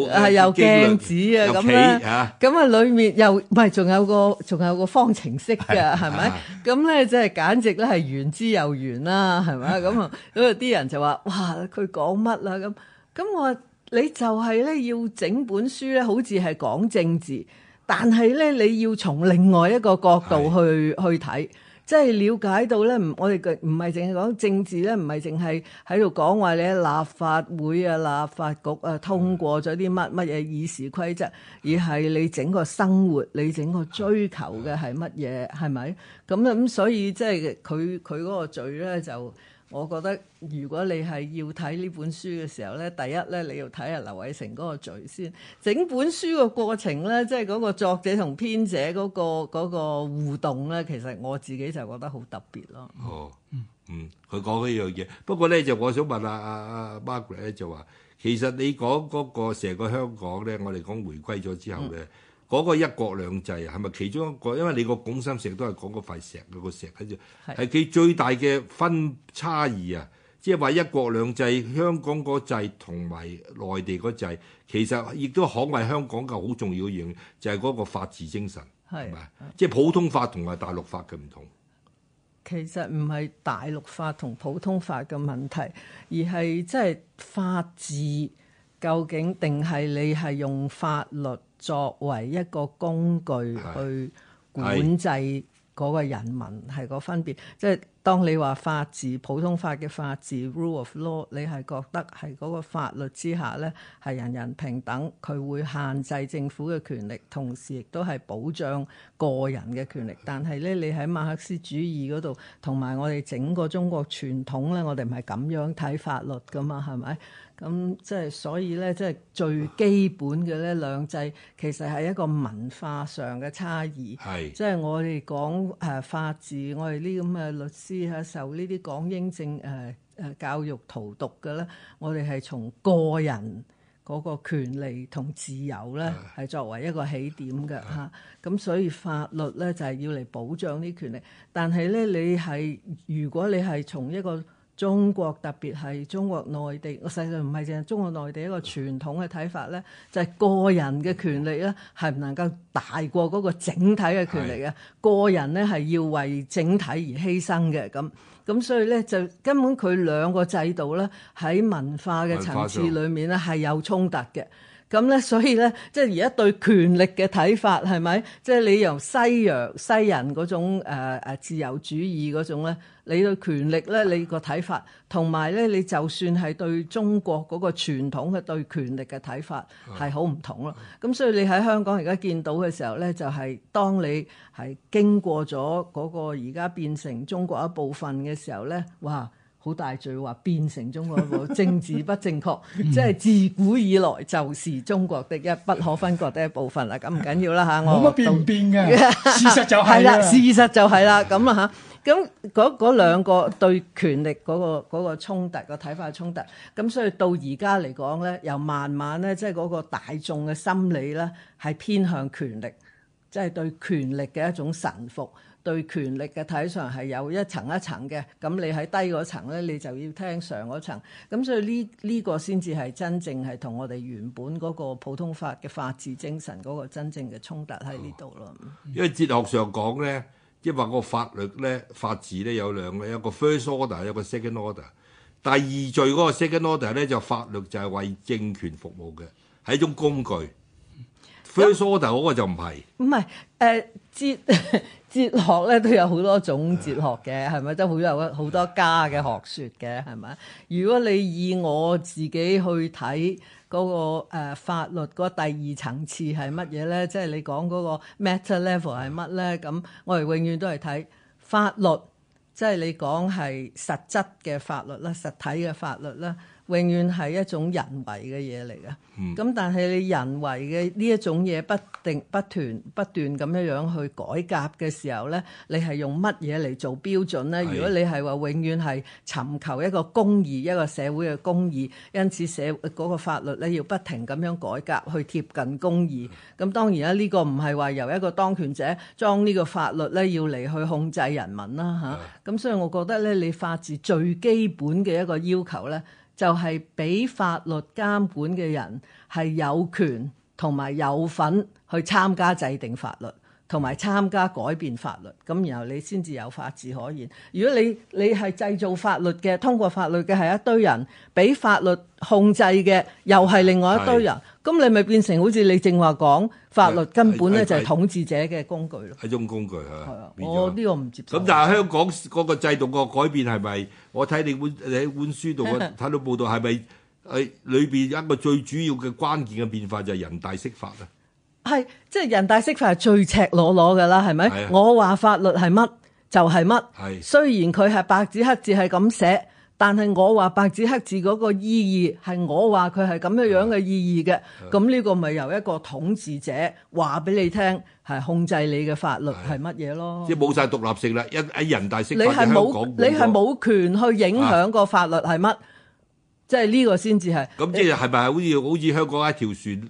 啦，啊，又鏡子啊，咁啦，咁啊，裡面又唔係，仲有個仲有個方程式嘅，係咪？咁咧，即係簡直咧係玄之又玄啦，係咪啊？咁啊，咁啊，啲人就話：哇，佢講乜啦？咁，咁我。你就係咧要整本書咧，好似係講政治，但係咧你要從另外一個角度去的去睇，即係了解到咧，唔我哋嘅唔係淨係講政治咧，唔係淨係喺度講話你立法會啊、立法局啊通過咗啲乜乜嘢議事規則，而係你整個生活、你整個追求嘅係乜嘢，係咪的？咁啊咁，所以即係佢佢嗰個罪咧就。我覺得如果你係要睇呢本書嘅時候咧，第一咧你要睇下劉偉成嗰個序先。整本書嘅過程咧，即係嗰個作者同編者嗰個嗰個互動咧，其實我自己就覺得好特別咯。哦，嗯嗯，佢講呢樣嘢，不過咧就我想問下啊啊 Margaret 咧就話，其實你講嗰個成個香港咧，我哋講回歸咗之後咧。嗯嗰個一國兩制係咪其中一個？因為你個拱心石都係講嗰塊石，嗰、那個石喺度，係佢最大嘅分差異啊！即係話一國兩制，香港嗰制同埋內地嗰制，其實亦都可謂香港嘅好重要嘅嘢，就係、是、嗰個法治精神，係咪是？即係吧普通法同埋大陸法嘅唔同。其實唔係大陸法同普通法嘅問題，而係即係法治。究竟定係你係用法律作為一個工具去管制嗰個人民係個分別，的即係當你話法治、普通法嘅法治 （rule of law），你係覺得係嗰個法律之下咧係人人平等，佢會限制政府嘅權力，同時亦都係保障個人嘅權力，但係咧，你喺馬克思主義嗰度同埋我哋整個中國傳統咧，我哋唔係咁樣睇法律噶嘛？係咪？咁即係所以咧，即係、嗯就是、最基本嘅咧兩制，其實係一個文化上嘅差異，係即係我哋講誒，法治，我哋呢啲咁嘅律師嚇、啊、受呢啲港英政誒誒、呃、教育荼毒嘅咧，我哋係從個人嗰個權利同自由咧係是作為一個起點嘅嚇。咁、啊嗯嗯嗯、所以法律咧就係、是、要嚟保障啲權利。但係咧你係如果你係從一個中國特別係中國內地，我細細唔係淨係中國內地一個傳統嘅睇法咧，就係、是、個人嘅權利咧，係唔能夠大過嗰個整體嘅權利。嘅，是的 個人咧係要為整體而犧牲嘅咁，咁所以咧就根本佢兩個制度咧喺文化嘅層次裡面咧係有衝突嘅。咁咧，所以咧，即係而家對權力嘅睇法係咪？即係你由西洋、西人嗰種誒誒、呃、自由主義嗰種咧，你對權力咧，你個睇法同埋咧，你就算係對中國嗰個傳統嘅對權力嘅睇法係好唔同咯。咁的所以你喺香港而家見到嘅時候咧，就係、是、當你係經過咗嗰個而家變成中國一部分嘅時候咧，哇。好大罪，話變成中國一個政治不正確，即係自古以來就是中國的一不可分割的一部分啦。咁唔緊要啦嚇，我冇乜變唔變嘅，事實就係啦，事實就係啦，咁啊嚇。咁嗰嗰兩個對權力嗰個嗰個衝突個睇法衝突，咁所以到而家嚟講咧，又慢慢咧，即係嗰個大眾嘅心理咧，係偏向權力，即係對權力嘅一種臣服。對權力嘅睇上係有一層一層嘅，咁你喺低嗰層咧，你就要聽上嗰層，咁所以呢呢、呢個先至係真正係同我哋原本嗰個普通法嘅法治精神嗰個真正嘅衝突喺呢度咯。因為哲學上講咧，即係話個法律咧、法治咧有兩個，有一個 first order，有一個 second order。第二序嗰個 second order 咧就法律就係為政權服務嘅，係一種工具。嗯、first order 嗰個就唔係。唔係、嗯，誒、嗯呃、哲。 哲學咧都有好多種哲學嘅，係咪都好有好多家嘅學説嘅，係咪？如果你以我自己去睇嗰、那個誒、呃、法律嗰第二層次係乜嘢咧，即係你講嗰個 meta level 係乜咧？咁我哋永遠都係睇法律，即係你講係實質嘅法律啦，實體嘅法律啦。永遠係一種人為嘅嘢嚟㗎，咁、嗯、但係你人為嘅呢一種嘢，不定不斷不斷咁樣樣去改革嘅時候咧，你係用乜嘢嚟做標準咧？的如果你係話永遠係尋求一個公義，一個社會嘅公義，因此社嗰個法律咧要不停咁樣改革去貼近公義，咁的當然啦、啊，呢、這個唔係話由一個當權者將呢個法律咧要嚟去控制人民啦嚇。咁、啊、的所以我覺得咧，你法治最基本嘅一個要求咧。就係俾法律監管嘅人係有權同埋有份去參加制定法律，同埋參加改變法律。咁然後你先至有法治可言。如果你你係製造法律嘅，通過法律嘅係一堆人，俾法律控制嘅又係另外一堆人。咁你咪變成好似你正話講法律根本咧就係統治者嘅工具咯，係一種工具嚇。係啊，啊我呢個唔接受。咁但係香港嗰個制度個改變係咪？我睇你，你，你本你喺本書度睇到報道係咪？係裏邊有一個最主要嘅關鍵嘅變化就係人大釋法咧。係、啊，即係人大釋法係最赤裸裸㗎啦，係咪、啊？我話法律係乜就係乜，係雖然佢係白紙黑字係咁寫。但係我話白紙黑字嗰個意義係我話佢係咁樣樣嘅意義嘅，咁呢的個咪由一個統治者話俾你聽，係控制你嘅法律係乜嘢咯？即係冇晒獨立性啦，一喺人大釋法。你係冇，了你係冇權去影響個法律係乜？的即係呢個先至係。咁即係係咪好似好似香港一條船？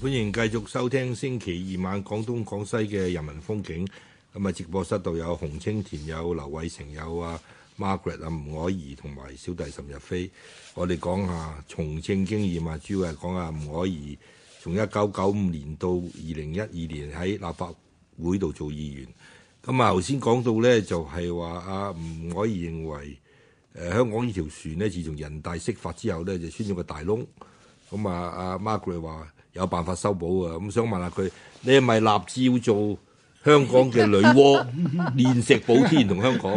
歡迎繼續收聽星期二晚廣東廣西嘅《人民風景》咁啊，直播室度有洪清田、有劉偉成、有 Margaret, 啊 Margaret 啊吳靄儀同埋小弟岑逸飛。我哋講下從政經驗啊。主要係講下吳靄儀從一九九五年到二零一二年喺立法會度做議員。咁啊，頭先講到咧，就係話啊吳靄儀認為誒香港呢條船咧，自從人大釋法之後咧，就穿咗個大窿。咁啊，阿 Margaret 話。Mar 有辦法修補啊，咁想問下佢，你係咪立志要做？香港嘅女媧，煉石補天同香港，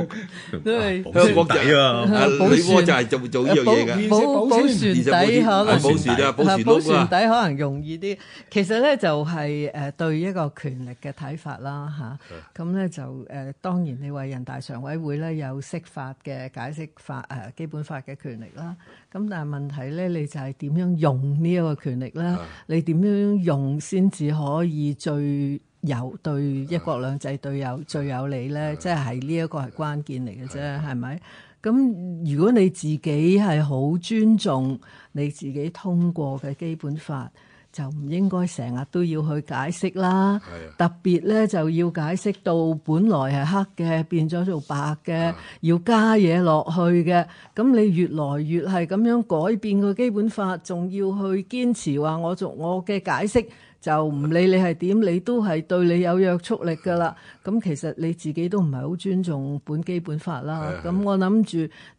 香港仔啊，女媧就係做做呢樣嘢噶補補船底可能，補船底，補船底可能容易啲。其實咧就係誒對一個權力嘅睇法啦吓。咁咧就誒當然你話人大常委會咧有釋法嘅解釋法誒基本法嘅權力啦。咁但係問題咧你就係點樣用呢一個權力咧？你點樣用先至可以最？有對一國兩制對有最有利咧，即係呢一個係關鍵嚟嘅啫，係咪？咁如果你自己係好尊重你自己通過嘅基本法，就唔應該成日都要去解釋啦。特別咧，就要解釋到本來係黑嘅，變咗做白嘅，要加嘢落去嘅。咁你越來越係咁樣改變個基本法，仲要去堅持話我做我嘅解釋。就唔理你係點，你都係對你有約束力㗎啦。咁其實你自己都唔係好尊重本基本法啦。咁 我諗住，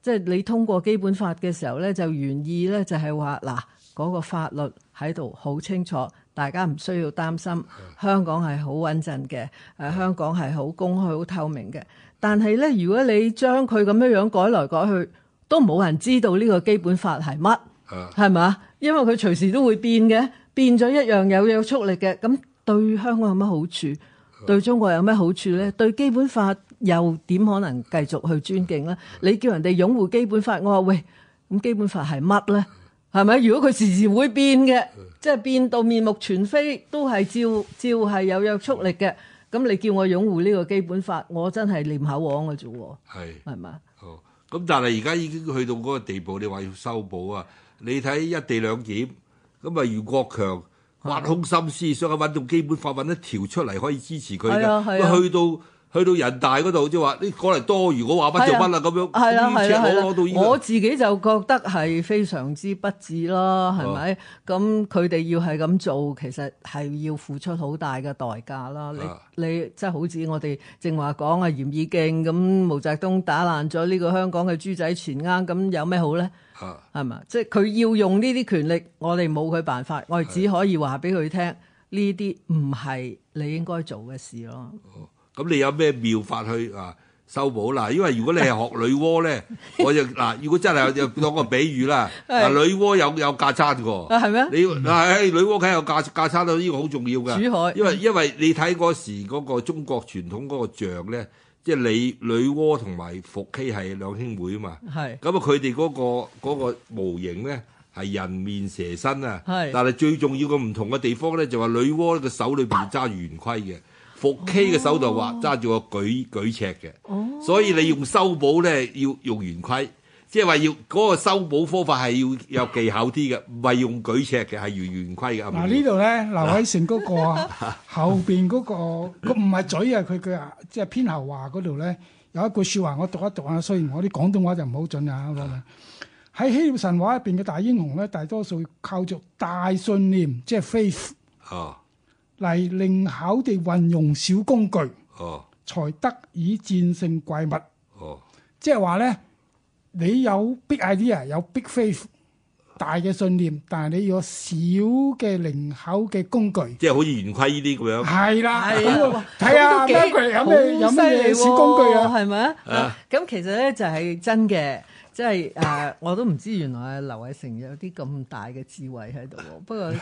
即係你通過基本法嘅時候呢，就願意呢，就係話嗱，嗰個法律喺度好清楚，大家唔需要擔心。香港係好穩陣嘅，誒，香港係好公開、好透明嘅。但係呢，如果你將佢咁樣樣改來改去，都冇人知道呢個基本法係乜，係咪？ 因為佢隨時都會變嘅。變咗一樣有約束力嘅，咁對香港有乜好處？對中國有乜好處呢？對基本法又點可能繼續去尊敬呢？你叫人哋擁護基本法，我話喂，咁基本法係乜呢？係咪？如果佢時時會變嘅，即係變到面目全非，都係照照係有約束力嘅。咁你叫我擁護呢個基本法，我真係唸口簧嘅啫。係係嘛？好。咁但係而家已經去到嗰個地步，你話要修補啊？你睇一地兩檢。咁啊，袁國強挖空心思，想揾到基本法揾一條出嚟可以支持佢嘅。啊啊、去到去到人大嗰度，即係話你過嚟多，如果話不做搬啦咁樣，呢啲扯好、啊啊啊、我自己就覺得係非常之不智啦，係咪？咁佢哋要係咁做，其實係要付出好大嘅代價啦。你、啊、你即係好似我哋正話講啊，嚴以敬咁，毛澤東打爛咗呢個香港嘅豬仔錢罌，咁有咩好咧？係係嘛，即係佢要用呢啲權力，我哋冇佢辦法，我哋只可以話俾佢聽，呢啲唔係你應該做嘅事咯。咁、哦、你有咩妙法去啊修補嗱？因為如果你係學女媧咧， 我就嗱，如果真係有攞個比喻啦，嗱，女媧有有架撐個。啊係咩？你嗱，女媧梗有架架撐啦，呢個好重要㗎。珠海因。因為因為你睇嗰時嗰個中國傳統嗰個象咧。即係你女媧同埋伏羲係兩兄妹啊嘛，係咁啊，佢哋嗰個嗰個模型咧係人面蛇身啊，係是，但係最重要嘅唔同嘅地方咧就話女媧嘅手裏邊揸圓規嘅，伏羲嘅手就話揸住個矩矩尺嘅，哦，所以你用修補咧要用圓規。即係話要嗰個修補方法係要有技巧啲嘅，唔係用舉尺嘅，係要圓規嘅。嗱，呢度咧，劉偉成嗰個後邊嗰個，個唔係嘴啊，佢佢啊，即係編後話嗰度咧有一句説話，我讀一讀啊。雖然我啲廣東話就唔好準啊，喺希臘神話入邊嘅大英雄咧，大多數靠著大信念，即係 faith 哦，嚟靈巧地運用小工具哦，才得以戰勝怪物哦。即係話咧。你有 big idea，有 big faith，大嘅信念，但係你有小嘅零口嘅工具，即係好似圓規呢啲咁樣。係啦，係啊，都幾好犀利喎！小工具啊，係咪？咁其實咧就係真嘅，即係誒，我都唔知原來阿劉偉成有啲咁大嘅智慧喺度喎。不過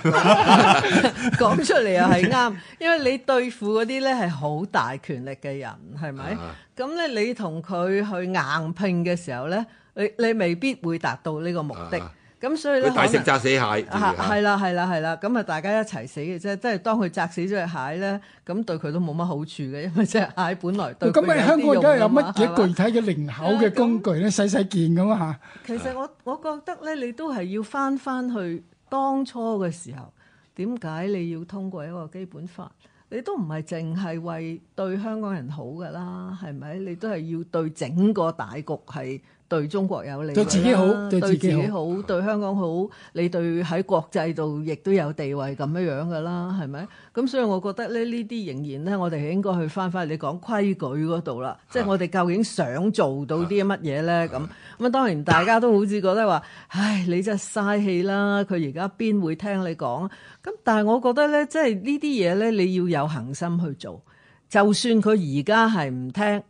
講 出嚟又係啱，因為你對付嗰啲咧係好大權力嘅人，係咪？咁咧你同佢去硬拼嘅時候咧？你你未必會達到呢個目的，咁、啊、所以咧，大石砸死蟹，係啦係啦係啦，咁啊，啊，啊，啊，啊，啊，啊，啊，啊大家一齊死嘅啫，即係當佢砸死咗隻蟹咧，咁對佢都冇乜好處嘅，因為隻蟹本來對佢有啲用嘅嘛，係咪？咁你香港而家有乜嘢具體嘅零口嘅工具咧？細細件咁啊嚇、嗯。其實我我覺得咧，你都係要返返去當初嘅時候，點解你要通過一個基本法？你都唔係淨係為對香港人好噶啦，係咪？你都係要對整個大局係。對中國有利，對自己好，對自己好，對香港好，對你對喺國際度亦都有地位咁樣樣噶啦，係咪？咁所以我覺得咧，呢啲仍然咧，我哋係應該去翻翻你講規矩嗰度啦。即係的我哋究竟想做到啲乜嘢咧？咁咁當然大家都好似覺得話，唉，你真係嘥氣啦！佢而家邊會聽你講？咁但係我覺得咧，即係呢啲嘢咧，你要有恒心去做。就算佢而家係唔聽，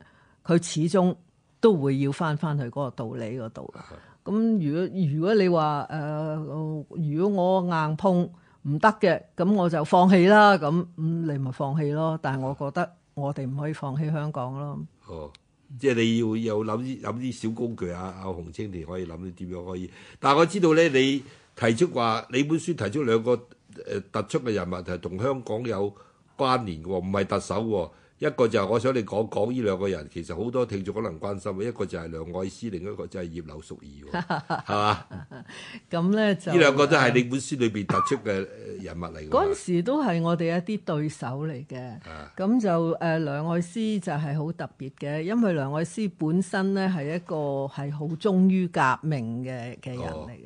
佢始終。都會要返返去嗰個道理嗰度。咁如果如果你話誒，如果我硬碰唔得嘅，咁我就放棄啦。咁咁你咪放棄咯。但係我覺得我哋唔可以放棄香港咯。哦，即係你要有諗啲諗啲小工具啊，啊洪清田可以諗啲點樣可以。但係我知道咧，你提出話你本書提出兩個誒突出嘅人物係同香港有關聯嘅喎，唔係特首喎。一個就係、是、我想你講講呢兩個人，其實好多聽眾可能關心嘅一個就係梁愛詩，另一個就係葉劉淑儀，係嘛 吧？咁咧 就呢兩個都係你本書裏邊突出嘅人物嚟。嗰陣 時都係我哋一啲對手嚟嘅。咁 就誒梁愛詩就係好特別嘅，因為梁愛詩本身咧係一個係好忠於革命嘅嘅人嚟嘅。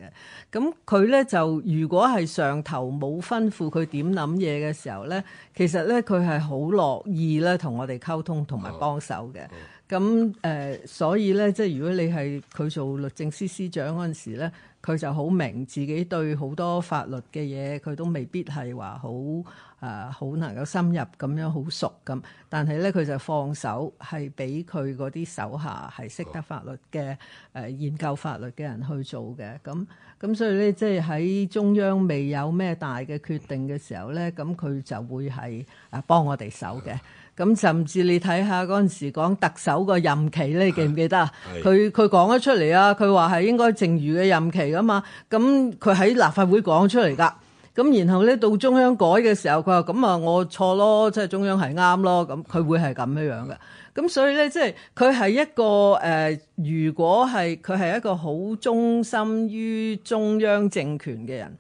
咁佢咧就如果係上頭冇吩咐佢點諗嘢嘅時候咧，其實咧佢係好樂意咧。同我哋溝通同埋幫手嘅。咁誒，所以咧，即係如果你係佢做律政司司長嗰陣時咧，佢就好明自己對好多法律嘅嘢，佢都未必係話好誒好能夠深入咁樣好熟咁。但係咧，佢就放手係俾佢嗰啲手下係識得法律嘅誒的、呃、研究法律嘅人去做嘅。咁咁所以咧，即係喺中央未有咩大嘅決定嘅時候咧，咁佢就會係誒幫我哋手嘅。咁甚至你睇下嗰陣時講特首個任期咧，你記唔記得啊？佢佢講咗出嚟啊，佢話係應該剩餘嘅任期噶嘛。咁佢喺立法會講出嚟噶。咁然後咧到中央改嘅時候，佢話咁啊，我錯咯，即係中央係啱咯。咁佢會係咁樣樣嘅。咁所以咧，即係佢係一個誒、呃，如果係佢係一個好忠心於中央政權嘅人，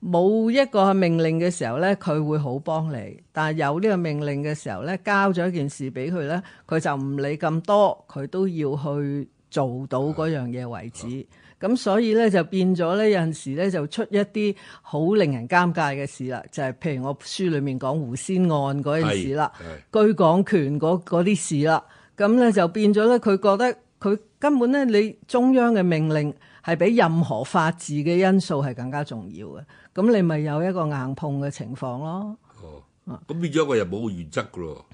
冇係一個命令嘅時候咧，佢會好幫你；但係有呢個命令嘅時候咧，交咗一件事俾佢咧，佢就唔理咁多，佢都要去做到嗰樣嘢為止。咁所以咧就變咗咧有陣時咧就出一啲好令人尷尬嘅事啦，就係、是、譬如我書裏面講胡仙案嗰陣事啦，居港權嗰啲事啦，咁咧就變咗咧佢覺得佢根本咧你中央嘅命令係比任何法治嘅因素係更加重要嘅，咁你咪有一個硬碰嘅情況咯。哦，咁變咗佢又冇原則噶咯，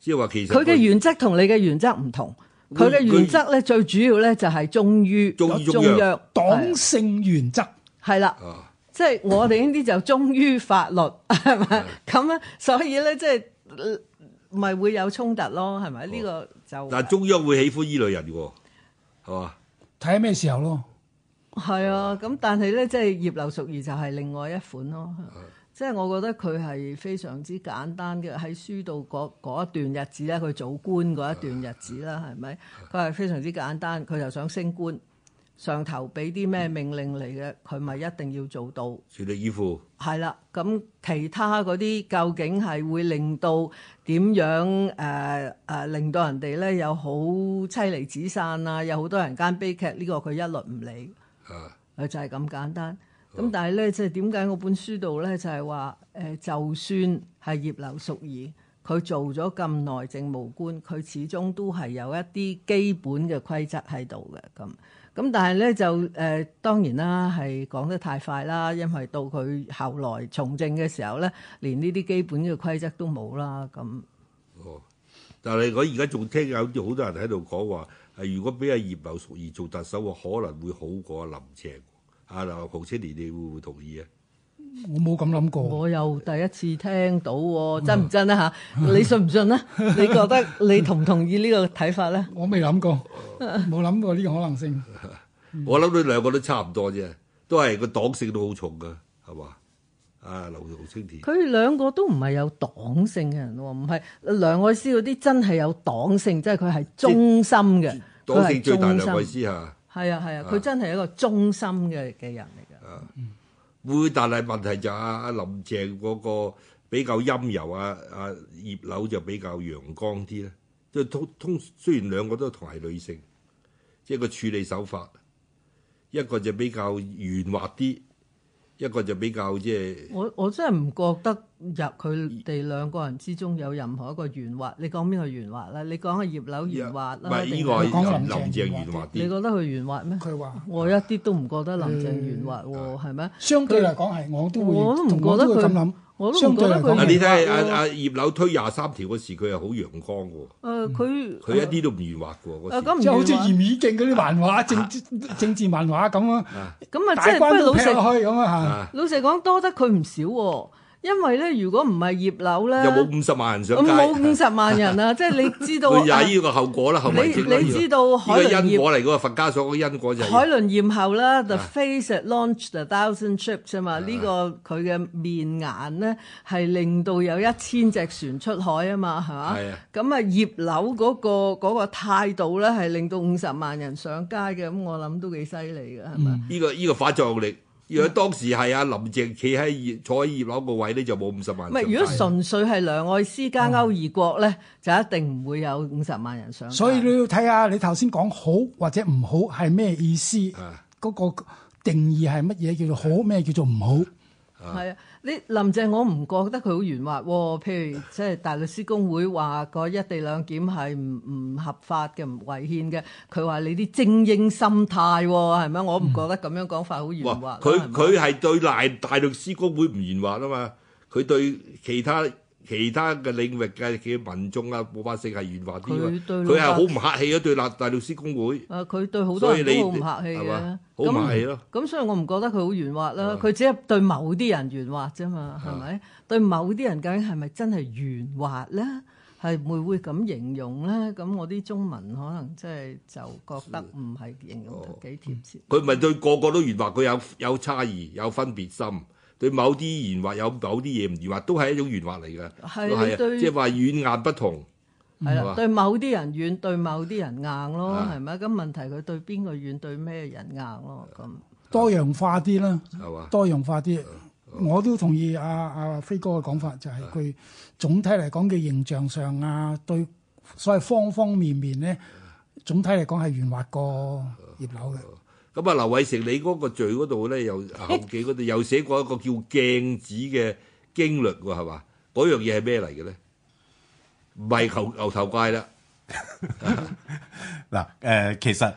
即係話其實佢嘅原則同你嘅原則唔同。佢嘅原則咧，最主要咧就係忠於中央黨性原則，係啦、啊，啊、即係我哋呢啲就忠於法律，係咪？咁啊， 所以咧即係咪會有衝突咯？係咪呢個就是？但係，中央會喜歡依類人喎、哦，係嘛？睇下咩時候咯？係啊，咁但係咧，即係葉劉淑儀就係另外一款咯。啊、即係我覺得佢係非常之簡單嘅喺、啊、書度嗰一段日子咧，佢做官嗰一段日子啦，係咪？佢係、啊、非常之簡單，佢就想升官，上頭俾啲咩命令嚟嘅，佢咪、嗯、一定要做到全力以赴。係啦、啊，咁其他嗰啲究竟係會令到點樣？誒、呃、誒、呃，令到人哋咧有好妻離子散啊，有好多人間悲劇呢、這個佢一律唔理。誒就係咁簡單，咁但係咧，即係點解我本書度咧就係話誒，就算係葉劉淑儀，佢做咗咁耐政務官，佢始終都係有一啲基本嘅規則喺度嘅咁。咁但係咧就誒，當然啦，係講得太快啦，因為到佢後來從政嘅時候咧，連呢啲基本嘅規則都冇啦咁。哦，但係我而家仲聽有啲好多人喺度講話。如果俾阿葉劉淑儀做特首，可能會好過阿林鄭。阿劉洪清田，你會唔會同意啊？我冇咁諗過。我有第一次聽到、哦，嗯、真唔真啊？嚇、嗯，你信唔信咧、啊？ 你覺得你同唔同意個呢個睇法咧？我未諗過，冇諗 過呢個可能性。 我諗你兩個都差唔多啫，都係個黨性都好重嘅，係嘛？啊，劉洪清田，佢兩個都唔係有黨性嘅人喎，唔係梁愛詩嗰啲真係有黨性，即係佢係忠心嘅。女性最大嘅位思嚇，係啊係啊，佢、啊啊、真係一個忠心嘅嘅人嚟㗎。嗯、啊，會,會，但係問題就阿阿、啊、林鄭嗰個比較陰柔，啊，阿、啊、葉劉就比較陽光啲咧。即係通通雖然兩個都同係女性，即、就、係、是、個處理手法，一個就比較圓滑啲。一個就比較即係，我我真係唔覺得入佢哋兩個人之中有任何一個圓滑。你講邊個圓滑啦？你講下葉劉圓滑啦是。唔係呢個林林鄭圓滑啲。你覺得佢圓滑咩？佢話說我一啲都唔覺得林鄭圓滑喎，係咩、嗯？嗎相對嚟講係，她我，都我都會，我都唔覺得佢咁諗。我都唔覺得佢、啊、你睇阿阿葉劉推廿三條嗰時，佢係好陽光嘅喎。佢佢一啲都唔圓滑嘅喎，嗰好似嚴以敬嗰啲漫畫、政政治漫畫咁啊。咁啊，即、啊、係、啊啊啊啊啊啊、不、就是、不如老實。老實講，多得佢唔少喎、啊。因為咧，如果唔係葉劉咧，有冇五十萬人上街？冇五十萬人啊， 即係你知道。佢呢 個後果啦， 後嚟你你知道海佛家、就是、海倫艷后啦，The Face Launch the Thousand t r i p s 啊嘛的，的個呢個佢嘅面顏咧係令到有一千隻船出海啊嘛，係嘛？咁啊的，葉劉嗰個嗰、這個態度咧係令到五十萬人上街嘅，咁我諗都幾犀利嘅，係嘛？呢個呢個反作用力。如果當時係阿林鄭企喺坐喺二樓個位呢，就冇五十萬。唔係，如果純粹係梁愛斯加歐二國咧，嗯、就一定唔會有五十萬人上。所以你要睇下你頭先講好或者唔好係咩意思？嗰、啊、個定義係乜嘢叫做好？咩叫做唔好？係啊。你林鄭我唔覺得佢好圓滑，譬如即係大律師公會話個一地兩檢係唔唔合法嘅、唔違憲嘅，佢話你啲精英心態喎，係咪？我唔覺得咁樣講法好圓滑。哇！佢佢係對大大律師公會唔圓滑啊嘛，佢對其他。其他嘅領域嘅嘅民眾啊，冇百性係圓滑啲，佢係好唔客氣啊！對立大律師公會，啊，佢對好多嘢都好唔客氣啊。好唔客氣咯。咁那、嗯、所以我唔覺得佢好圓滑啦。佢吧只係對某啲人圓滑啫嘛，係咪吧？對某啲人究竟係咪真係圓滑咧？係會唔會咁形容咧？咁我啲中文可能真係就覺得唔係形容得幾貼切。佢唔係對個,個個都圓滑，佢有有差異，有分別心。對某啲圓滑，有某啲嘢唔圓滑，都係一種圓滑嚟㗎。係，是對 即係話軟硬不同。係啦對，嗯、對某啲人軟，對某啲人硬咯，係咪、啊？咁問題佢對邊個軟，對咩人硬咯？咁多樣化啲啦，多樣化啲，吧我都同意阿、啊、阿、啊、飛哥嘅講法，就係、是、佢總體嚟講嘅形象上啊，對所謂方方面面咧，總體嚟講係圓滑過葉劉嘅。咁啊，劉偉成，你嗰個序嗰度咧，又後記嗰度又寫過一個叫鏡子嘅經略喎，係嘛？嗰樣嘢係咩嚟嘅咧？唔係牛牛頭怪啦。嗱，誒，其實誒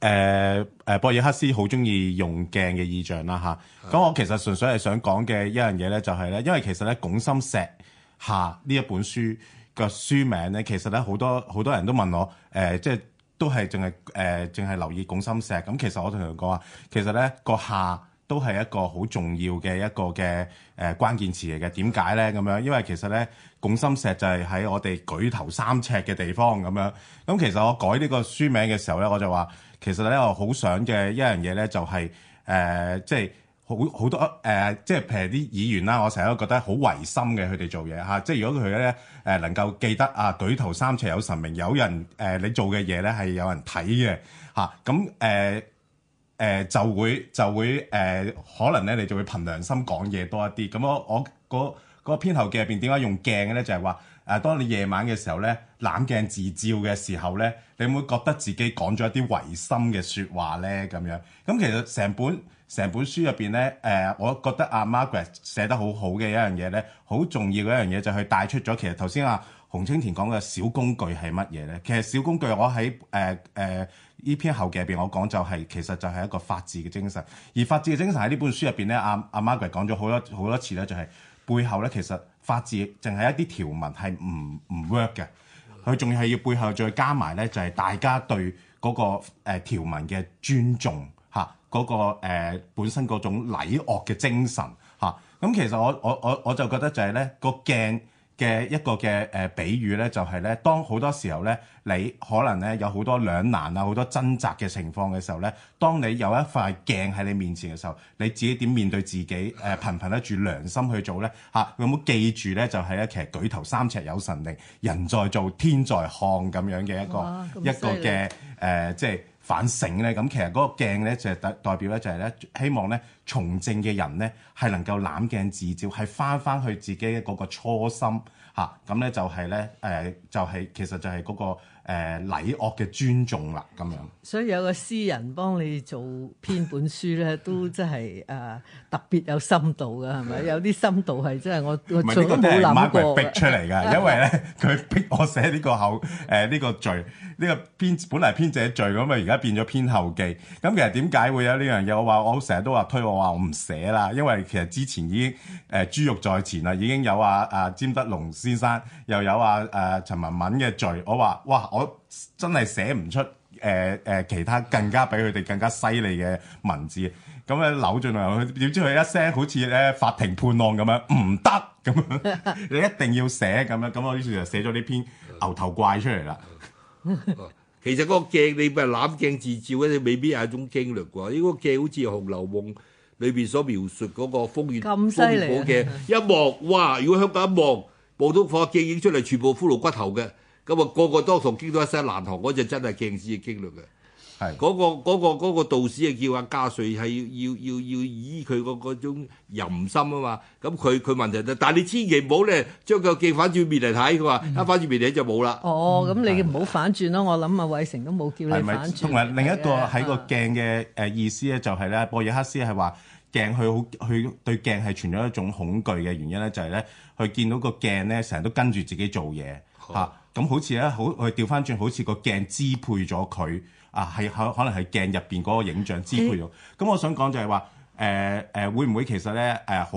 誒、呃，博爾克斯好中意用鏡嘅意象啦，吓、啊，咁我其實純粹係想講嘅一樣嘢咧，就係、是、咧，因為其實咧，《拱心石》下呢一本書嘅書名咧，其實咧好多好多人都問我，誒、呃，即係。都係淨係誒，淨、呃、係留意拱心石咁、嗯。其實我同佢講話，其實呢個下都係一個好重要嘅一個嘅誒、呃、關鍵詞嚟嘅。點解呢？咁樣，因為其實呢拱心石就係喺我哋舉頭三尺嘅地方咁樣。咁、嗯、其實我改呢個書名嘅時候呢，我就話其實呢我好想嘅一樣嘢呢，就係、是、誒、呃，即係。好好多誒、呃，即係譬如啲議員啦，我成日都覺得好違心嘅，佢哋做嘢吓、啊。即係如果佢咧誒能夠記得啊，舉頭三尺有神明，有人誒、呃、你做嘅嘢咧係有人睇嘅吓。咁誒誒就會就會誒、呃、可能咧你就會憑良心講嘢多一啲。咁我我嗰嗰、那個那個編後記入邊點解用鏡嘅咧？就係、是、話，誒、啊，當你夜晚嘅時候咧，攬鏡自照嘅時候咧，你會唔會覺得自己講咗一啲違心嘅説話咧，咁樣。咁其實成本成本書入邊咧，誒、呃，我覺得阿、啊、Margaret 寫得好好嘅一樣嘢咧，好重要嘅一樣嘢就係帶出咗。其實頭先阿洪清田講嘅小工具係乜嘢咧？其實小工具我喺誒誒呢篇後記入邊我講就係、是，其實就係一個法治嘅精神。而法治嘅精神喺呢本書入邊咧，阿、啊、阿、啊、Margaret 講咗好多好多次咧、就是，就係。背後咧，其實法治淨係一啲條文係唔唔 work 嘅，佢仲係要背後再加埋咧，就係、是、大家對嗰、那個誒、呃、條文嘅尊重嚇，嗰、那個、呃、本身嗰種禮樂嘅精神嚇。咁、嗯、其實我我我我就覺得就係咧個鏡。嘅一個嘅誒、呃、比喻咧，就係、是、咧，當好多時候咧，你可能咧有好多兩難啊，好多掙扎嘅情況嘅時候咧，當你有一塊鏡喺你面前嘅時候，你自己點面對自己？誒、呃，憑憑得住良心去做咧嚇？啊、有冇記住咧？就係、是、咧，其實舉頭三尺有神靈，人在做天在看咁樣嘅一個一個嘅誒、呃，即係。反省咧，咁其實嗰個鏡咧就係代代表咧，就係咧希望咧從政嘅人咧係能夠攬鏡自照，係翻翻去自己嘅嗰個初心嚇，咁咧就係咧誒，就係，呃就係，其實就係嗰個。誒、 呃、禮惡嘅尊重啦，咁樣。所以有個詩人幫你做編本書咧，都真係誒、啊、特別有深度嘅，係咪？ 有啲深度係真係我我從都冇諗過。逼出嚟㗎，因為咧佢逼我寫呢個後誒呢個序，呢、這個編本嚟編者序咁啊，而家變咗編後記。咁其實點解會有呢樣嘢？我話我成日都話推我話我唔寫啦，因為其實之前已經誒珠玉在前啦，已經有阿阿詹德龍先生，又有阿誒陳文敏嘅序，我話哇我。我真係寫唔出誒誒，其他更加比佢哋更加犀利嘅文字，咁樣扭進嚟，佢點知佢一聲好似咧法庭判案咁樣，唔得咁樣，你一定要寫咁樣，咁我於是就寫咗呢篇牛頭怪出嚟啦。其實嗰個鏡你咪攬鏡自照咧，你未必係一種經歷啩？呢個鏡好似《紅樓夢》裏邊所描述嗰個風月風月火鏡，一望哇！如果香港一望，望到火鏡影出嚟，全部骷髏骨頭嘅。咁啊，個個都同見到一身難看，嗰隻真係鏡子嘅經律嘅。係、嗰個、嗰個嗰、嗰個、道士啊，叫阿嘉瑞係要要要要依佢個嗰種淫心啊嘛。咁佢佢問題就，但係你千祈唔好咧，將個鏡反轉面嚟睇。佢話一反轉面嚟就冇啦。哦，咁你唔好反轉咯。我諗啊，偉成都冇叫你反轉。同埋另一個喺個鏡嘅誒意思咧、就係，就係咧，博爾克斯係話鏡佢好佢對鏡係存咗一種恐懼嘅原因咧，就係咧，佢見到個鏡咧成日都跟住自己做嘢嚇。咁好似咧，好我哋調翻轉，好似個鏡支配咗佢啊，係可可能係鏡入邊嗰個影像支配咗。咁、欸、我想講就係話，誒、呃、誒、呃、會唔會其實咧，誒、呃、好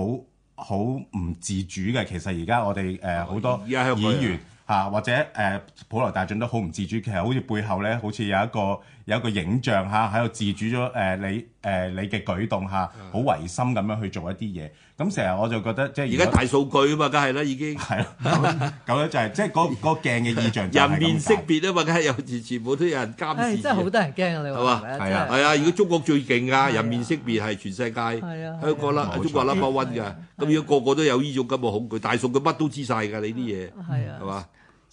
好唔自主嘅？其實而家我哋誒好多演員嚇、啊，或者誒、呃、普羅大眾都好唔自主，其實好似背後咧，好似有一個。有個影像嚇喺度自主咗誒你誒你嘅舉動嚇，好違心咁樣去做一啲嘢。咁成日我就覺得即係而家大數據啊嘛，梗係啦已經係咁樣就係即係嗰嗰鏡嘅意象人面識別啊嘛，梗係有時全部都有人監視，真係好多人驚啊！你話係嘛？係啊，係啊！如果中國最勁噶人面識別係全世界，香港啦、中國啦，number one 㗎，咁而家個個都有呢種咁嘅恐懼，大數據乜都知晒㗎你啲嘢係啊，係嘛？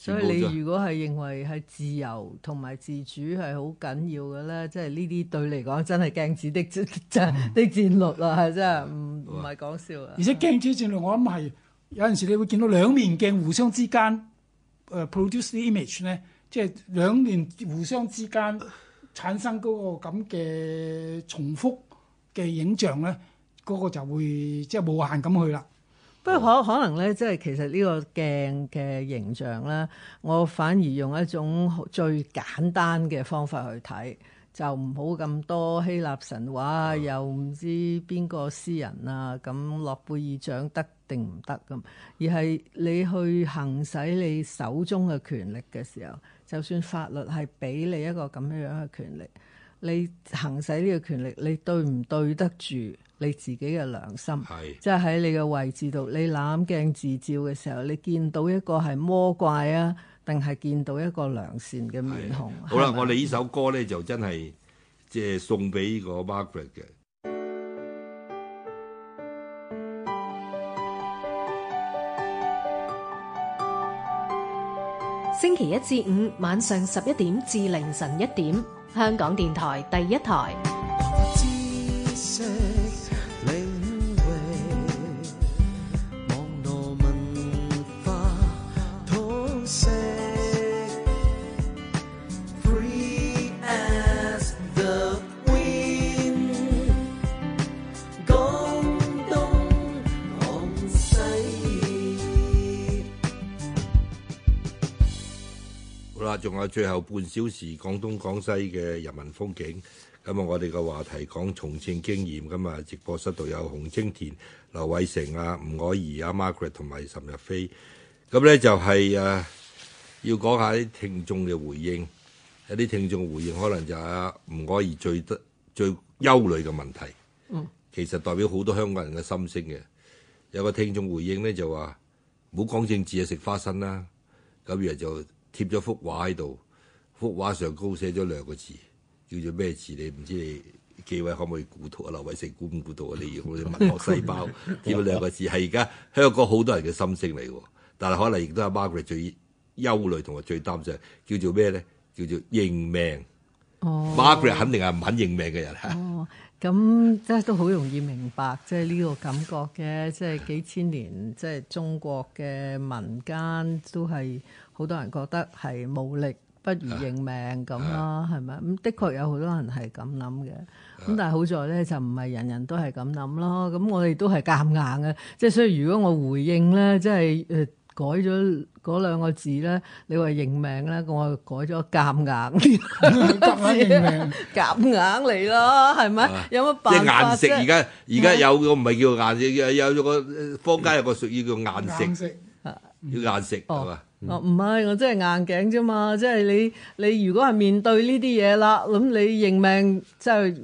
所以你如果係認為係自由同埋自主係好緊要嘅咧，即係呢啲對你嚟講真係鏡子的戰 的戰略啦，係真係唔唔係講笑啊！而且鏡子戰略我諗係有陣時你會見到兩面鏡互相之間誒、uh, produce 啲 image 咧，即係兩面互相之間產生個個咁嘅重複嘅影像咧，那個就會即係無限咁去啦。不過可可能咧，即係其實呢個鏡嘅形象咧，我反而用一種最簡單嘅方法去睇，就唔好咁多希臘神話，又唔知邊個詩人啊，咁諾貝爾獎得定唔得咁，而係你去行使你手中嘅權力嘅時候，就算法律係俾你一個咁樣樣嘅權力。你行使呢個權力，你對唔對得住你自己嘅良心？係是，即係喺你嘅位置度，你攬鏡自照嘅時候，你見到一個係魔怪啊，定係見到一個良善嘅面孔？是吧好啦，我哋呢首歌咧就真係即係送俾個 Margaret 嘅。星期一至五晚上十一點至凌晨一點。香港電台第一台。仲有最後半小時，廣東廣西嘅人民風景。咁啊，我哋嘅話題講從政經驗。咁啊，直播室度有洪清田、劉偉成啊、吳靄儀、啊、Margaret 同埋岑逸飛。咁咧就係誒、啊，要講下啲聽眾嘅回應。有啲聽眾回應，可能就阿、啊、吳靄儀最得最憂慮嘅問題。嗯，其實代表好多香港人嘅心聲嘅。有個聽眾回應咧，就話唔好講政治啊，食花生啦。咁然後就。貼咗幅畫喺度，幅畫上高寫咗兩個字，叫做咩字，你唔知，你幾位可唔可以估到啊？劉偉成估唔估到啊？你要文學細胞，貼咗 兩個字係而家香港好多人嘅心聲嚟，但係可能亦都係 Margaret 最憂慮同埋最擔心，叫做咩咧？叫做認命。哦，Margaret 肯定係唔肯認命嘅人嚇、哦。哦，咁即係都好容易明白，即係呢個感覺嘅，即係幾千年，即係中國嘅民間都係。好多人覺得係冇力不如認命咁咯，係咪？咁的確有好多人係咁諗嘅。咁但係好在咧，就唔係人人都係咁諗咯。咁我哋都係夾硬嘅，即係所以如果我回應咧，即係誒改咗嗰兩個字咧，你話認命咧，咁我改咗夾硬，夾硬認命，夾硬嚟咯，係咪？有乜辦法？即係顏色，而家而家有個唔係叫顏色，有有個坊間有個屬於叫顏色。要硬食係、哦哦、嘛？唔係，我真係硬頸啫嘛。即係你，你如果係面對呢啲嘢啦，咁你認命，即係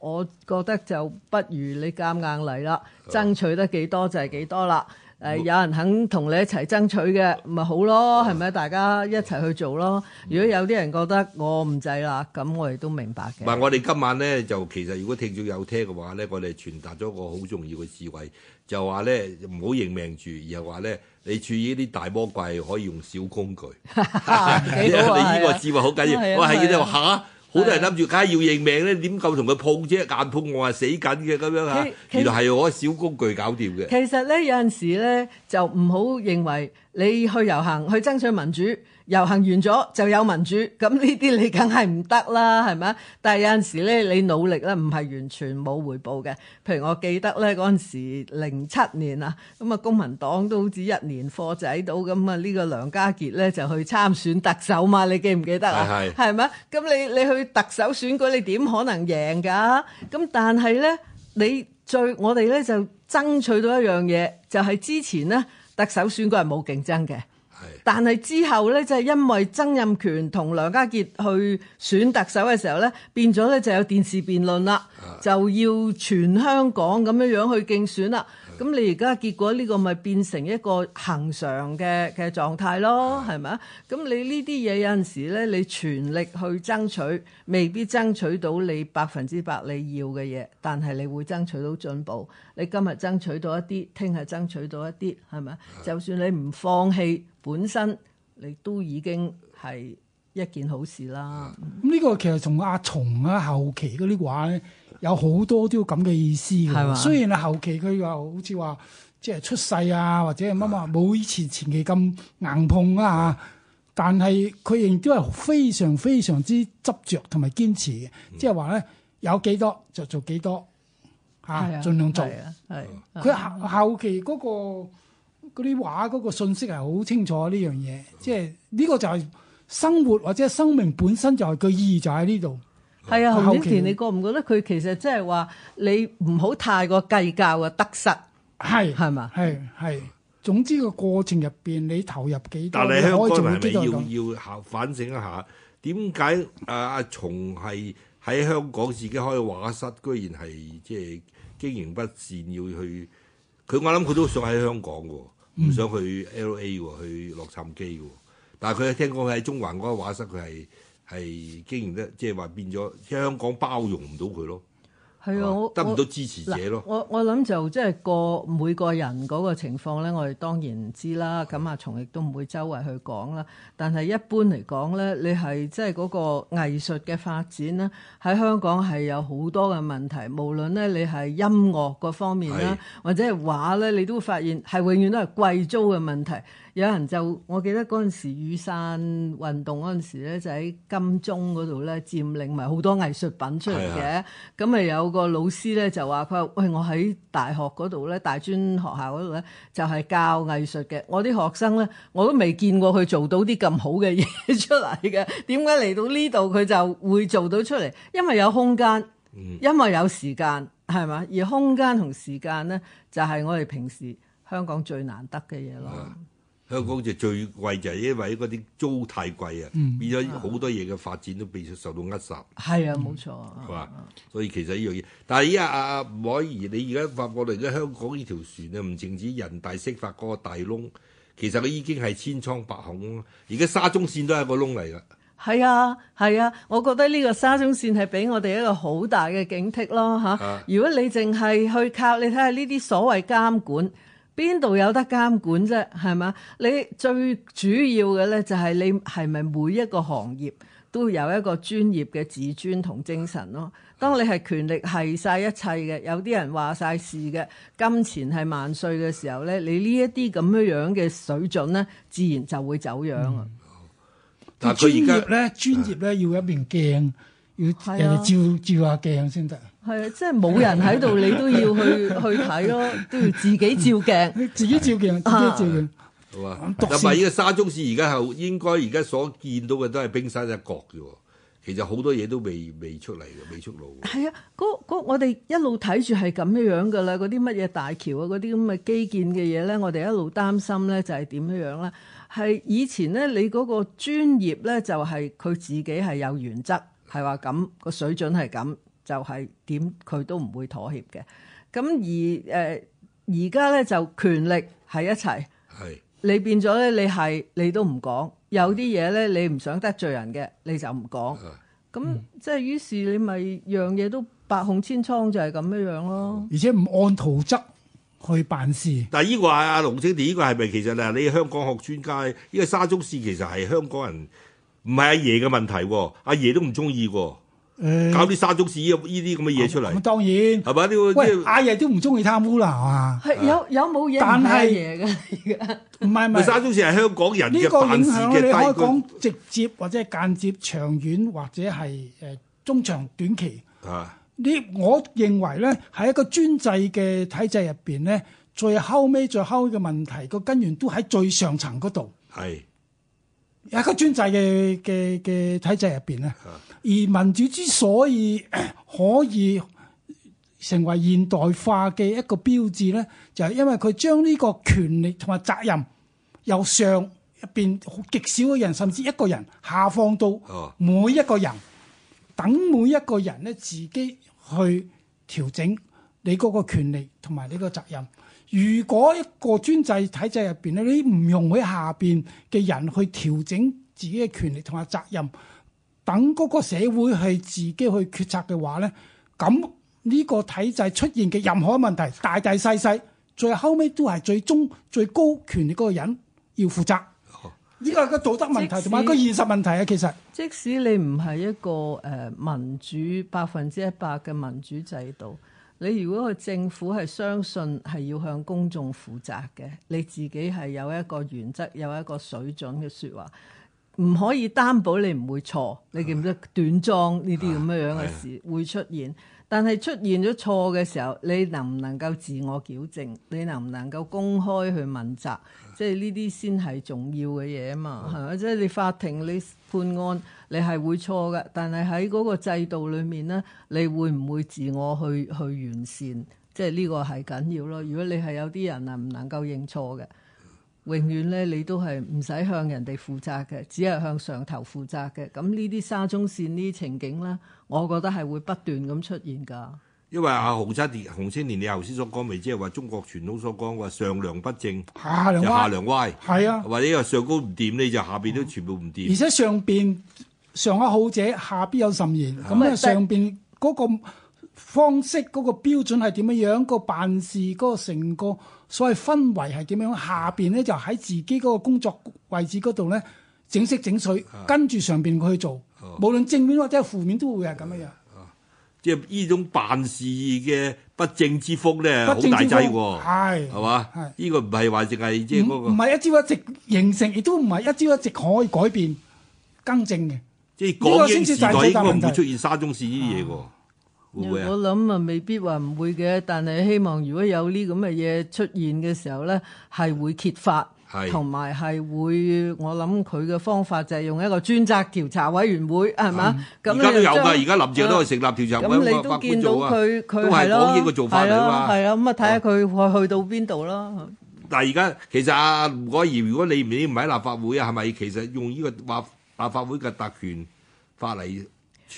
我覺得就不如你夾硬嚟啦，好爭取得幾多就係幾多啦。誒、嗯、有人肯同你一齊爭取嘅，咪、嗯、好咯，係咪？大家一齊去做咯。嗯、如果有啲人覺得我唔制啦，咁我哋都明白嘅。唔、嗯嗯、我哋今晚咧，就其實如果聽眾有聽嘅話咧，我哋傳達咗個好重要嘅智慧，就話咧唔好認命住，而係話咧你處於啲大魔鬼可以用小工具。 說 你呢個智慧好緊要。哇、 嗯！係呢啲話好多人諗住，梗係要認命咧，點夠同佢碰啫？硬碰我係死緊嘅咁樣吓，原來係我個小工具搞掂嘅。其實咧，其實有陣時咧，就唔好認為你去遊行去爭取民主。遊行完咗就有民主，咁呢啲你梗係唔得啦，係咪啊？但係有陣時咧，你努力咧唔係完全冇回報嘅。譬如我記得咧嗰陣時零七年啊，咁啊公民黨都好似一年貨仔到咁啊。呢個梁家傑咧就去參選特首嘛，你記唔記得啊？係係，係咪啊？咁你你去特首選舉，你點可能贏㗎？咁但係咧，你最我哋咧就爭取到一樣嘢，就係之前咧特首選舉係冇競爭嘅。但係之後呢，就係因為曾蔭權同梁家傑去選特首嘅時候呢，變咗呢就有電視辯論啦，就要全香港咁樣樣去競選啦。咁你而家結果呢個咪變成一個恒常嘅嘅狀態咯，係咪啊？咁你呢啲嘢有陣時咧，你全力去爭取，未必爭取到你百分之百你要嘅嘢，但係你會爭取到進步。你今日爭取到一啲，聽日爭取到一啲，係咪？的就算你唔放棄，本身你都已經係一件好事啦。咁呢個其實從阿松啊，後期嗰啲話咧。有好多啲咁嘅意思嘅，吧雖然係後期佢話好似話即係出世啊，或者乜乜冇以前前期咁硬碰啊，但係佢亦都係非常非常之執着同埋堅持嘅，即係話咧有幾多就做幾多，吓，啊，盡量做。係佢後後期嗰個嗰啲話嗰個信息係好清楚呢樣嘢，即係呢個就係生活或者生命本身就係個意義就喺呢度。係啊，洪清田，你覺唔覺得佢其實即係話你唔好太過計較啊得失，係係嘛，係係吧。總之個過程入邊，你投入幾多，但你香港要要反省一下，點解啊阿松係喺香港自己開畫室，居然係即係經營不善，要去？佢我諗佢都想喺香港嘅，唔想去 LA 嘅，去洛杉磯嘅。但係佢聽講佢喺中環嗰個畫室，佢係。係經營得，即係話變咗香港包容唔到佢咯。係啊係嘅，係啊嘛，我得唔到支持者咯。我我諗就即係個每個人嗰個情況咧，我哋當然唔知啦。咁阿松亦都唔會周圍去講啦。但係一般嚟講咧，你係即係嗰個藝術嘅發展咧，喺香港係有好多嘅問題。無論咧你係音樂嗰方面啦，係啊，或者係畫咧，你都會發現係永遠都係貴租嘅問題。有人就，我記得嗰陣時雨傘運動嗰陣時咧，就喺金鐘嗰度咧，佔領埋好多藝術品出嚟嘅。咁咪的有個老師咧就話：佢話喂，我喺大學嗰度咧，大專學校嗰度咧就係教藝術嘅。我啲學生咧，我都未見過佢做到啲咁好嘅嘢出嚟嘅。點解嚟到呢度佢就會做到出嚟？因為有空間，嗯、因為有時間，係嘛？而空間同時間咧就係、是、我哋平時香港最難得嘅嘢咯。嗯香港就最貴就係因為嗰啲租太貴啊，嗯、變咗好多嘢嘅發展、嗯、都被受到扼殺。係啊，冇、嗯、錯。係嘛吧？嗯、所以其實呢樣嘢，但係依家阿阿麥兒，你而家發覺到而家香港呢條船啊，唔淨止人大釋發嗰個大窿，其實佢已經係千瘡百孔。而家沙中線都係一個窿嚟㗎。係啊，係啊，我覺得呢個沙中線係俾我哋一個好大嘅警惕咯嚇、啊。如果你淨係去靠，你睇下呢啲所謂監管。邊度有得監管啫？係嘛？你最主要嘅咧，就係、是、你係咪每一個行業都有一個專業嘅自尊同精神咯？當你係權力係晒一切嘅，有啲人話晒事嘅，金錢係萬歲嘅時候咧，你呢一啲咁樣樣嘅水準咧，自然就會走樣、嗯。但係專業咧，專、嗯、業咧要一面鏡，要人哋、啊、照照下鏡先得。係啊！即係冇人喺度，你都要去去睇咯，都要自己照鏡， 你自己照鏡，的自己照鏡，係嘛的？同埋呢個沙中市，而家係應該而家所見到嘅都係冰山一角嘅喎。其實好多嘢都未未出嚟嘅，未出路。係啊，嗰我哋一路睇住係咁樣樣㗎啦。嗰啲乜嘢大橋啊，嗰啲咁嘅基建嘅嘢咧，我哋一路擔心咧就係點樣樣咧？係以前咧，你嗰個專業咧就係佢自己係有原則，係話咁個水準係咁。就係點佢都唔會妥協嘅，咁而誒而家咧就權力係一齊，係是你變咗咧，你係你都唔講，有啲嘢咧你唔想得罪人嘅，你就唔講，咁即係於是你咪樣嘢都百孔千瘡，就係咁樣樣咯，而且唔按圖則去辦事。但係依個係、啊、洪清田兄，依、這個係咪其實係你香港學專家？呢、這個沙中市其實係香港人唔係阿爺嘅問題喎、啊，阿爺，爺都唔中意喎。誒，嗯、搞啲沙中市呢啲咁嘅嘢出嚟，當然係嘛啲？喂，阿爺都唔中意貪污啦，係嘛是是？有有冇影響嘅嘢嘅？唔係唔係，不是不是沙中市係香港人嘅反市嘅低區。你可以講直接或者係間接，長遠或者係誒中長短期。啊，呢我認為咧喺一個專制嘅體制入邊咧，最後尾最後嘅問題個根源都喺最上層嗰度。係是有一個專制嘅嘅嘅體制入邊咧。啊而民主之所以可以成為現代化嘅一個標誌咧，就係因為佢將呢個權力同埋責任由上入邊極少嘅人，甚至一個人下放到每一個人，等每一個人咧自己去調整你嗰個權力同埋你個責任。如果一個專制體制入邊咧，你唔容許下邊嘅人去調整自己嘅權力同埋責任。等嗰個社會係自己去決策嘅話呢，咁呢個體制出現嘅任何問題，大大細細，最後尾都係最終最高權力嗰個人要負責。呢個係個道德問題，同埋使個現實問題啊，其實。即使你唔係一個誒民主百分之一百嘅民主制度，你如果個政府係相信係要向公眾負責嘅，你自己係有一個原則、有一個水準嘅説話。唔可以擔保你唔會錯，你記唔記得短裝呢啲咁樣樣嘅事會出現，但係出現咗錯嘅時候，你能唔能夠自我矯正？你能唔能夠公開去問責，即係呢啲先係重要嘅嘢啊嘛，係咪？即係你法庭你判案你係會錯嘅，但係喺嗰個制度裏面咧，你會唔會自我去去完善？即係呢個係緊要咯。如果你係有啲人啊唔能夠認錯嘅。永遠咧，你都係唔使向人哋負責嘅，只係向上頭負責嘅。咁呢啲沙中線呢情景啦，我覺得係會不斷咁出現噶。因為阿洪，洪清田，你頭先所講咪即係話中國傳統所講話，上梁不正，就下梁歪。係啊，或者因為上高唔掂，你就下邊都全部唔掂。而且上邊上好者，下邊有甚言。咁啊，上邊嗰個。方式嗰個標準係點樣樣？個辦事嗰個成個所謂氛圍係點樣？下邊呢就喺自己嗰個工作位置嗰度呢，整色整水，跟住上邊去做，的無論正面或者係負面都會係咁樣樣、啊。即係呢種辦事嘅不正之風咧，好大劑喎，係係嘛？呢的的個唔係話淨係即係唔係一朝一夕形成，亦都唔係一朝一夕可以改變更正嘅。即係嗰個先至係最大問題。出現沙中呢啲嘢喎。嗯會會我諗啊，未必話唔會嘅，但係希望如果有呢咁嘅嘢出現嘅時候咧，係會揭發，同埋係會我諗佢嘅方法就係用一個專責調查委員會，係嘛？咁、嗯、那你 都有噶，而家林鄭都係成立調查委員會，你都見到佢。嗯、都係講呢個做法嚟噶嘛？係啦，咁啊睇下佢去去到邊度咯。但係而家，其實阿吳靄儀，如果你唔喺立法會啊，係咪其實用呢個法立法會嘅特權法嚟？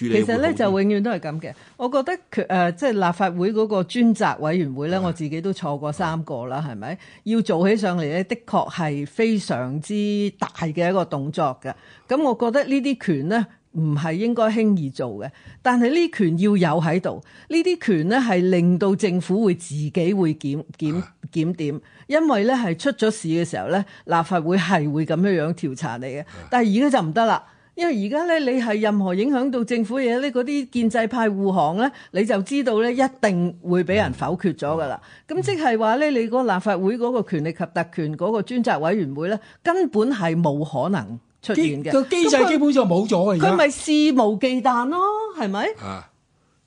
其實咧就永遠都係咁嘅，我覺得佢誒、呃、即係立法會嗰個專責委員會咧，的我自己都錯過三個啦，係咪？要做起上嚟咧，的確係非常之大嘅一個動作嘅。咁我覺得呢啲權咧唔係應該輕易做嘅，但係呢權要有喺度，呢啲權咧係令到政府會自己會檢的檢檢點，因為咧係出咗事嘅時候咧，立法會係會咁樣樣調查你嘅。但係而家就唔得啦。因為而家咧，你係任何影響到政府嘢咧，嗰啲建制派護航咧，你就知道咧，一定會俾人否決咗噶啦。咁、嗯嗯、即係話咧，你嗰個立法會嗰個權力及特權嗰個專責委員會咧，根本係冇可能出現嘅個機制，基本上冇咗嘅。佢咪他肆無忌憚咯？係咪？啊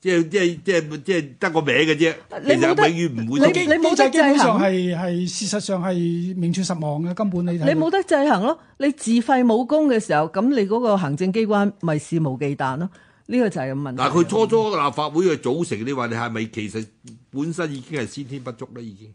即係即係即係即係得個名嘅啫，其實永遠唔會。你你冇得制衡係事實上係名存實亡嘅根本你。你冇得制衡咯，你自廢武功嘅時候，咁你嗰個行政機關咪肆無忌憚咯？呢、呢個就係咁問題。但係佢初初立法會嘅組成，你話你係咪其實本身已經係先天不足咧？已經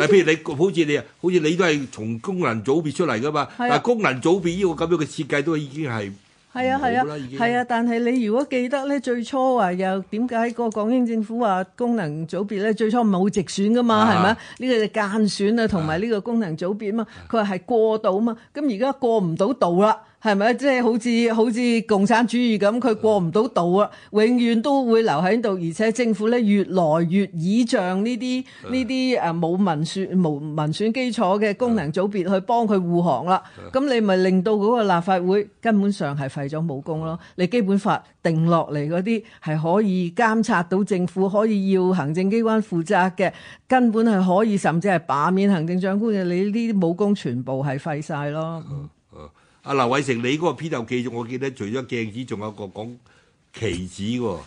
嗱，譬如你好似你啊，好似你，你都係從工人組別出嚟噶嘛？係。但嗱，工人組別呢個咁樣嘅設計都已經係。係啊係啊，係啊，啊，啊！但係你如果記得咧，最初話、啊、又點解個港英政府話功能組別咧？最初唔係好直選噶嘛，係咪？呢個係間選啊，同埋呢個功能組別嘛。佢話係過渡嘛，咁而家過唔到度啦。係咪？即係好似好似共產主義咁，佢過唔到度啊，永遠都會留喺度。而且政府呢，越來越倚仗呢啲呢啲誒冇民選、冇民選基礎嘅功能組別去幫佢護航啦。咁 你咪令到嗰個立法會根本上係廢咗武功咯。你基本法定落嚟嗰啲係可以監察到政府，可以要行政機關負責嘅，根本係可以甚至係罷免行政長官嘅。你呢啲武功全部係廢晒咯。 阿劉偉成，你嗰個片頭記住，我記得除咗鏡子，仲有個講棋子喎、哦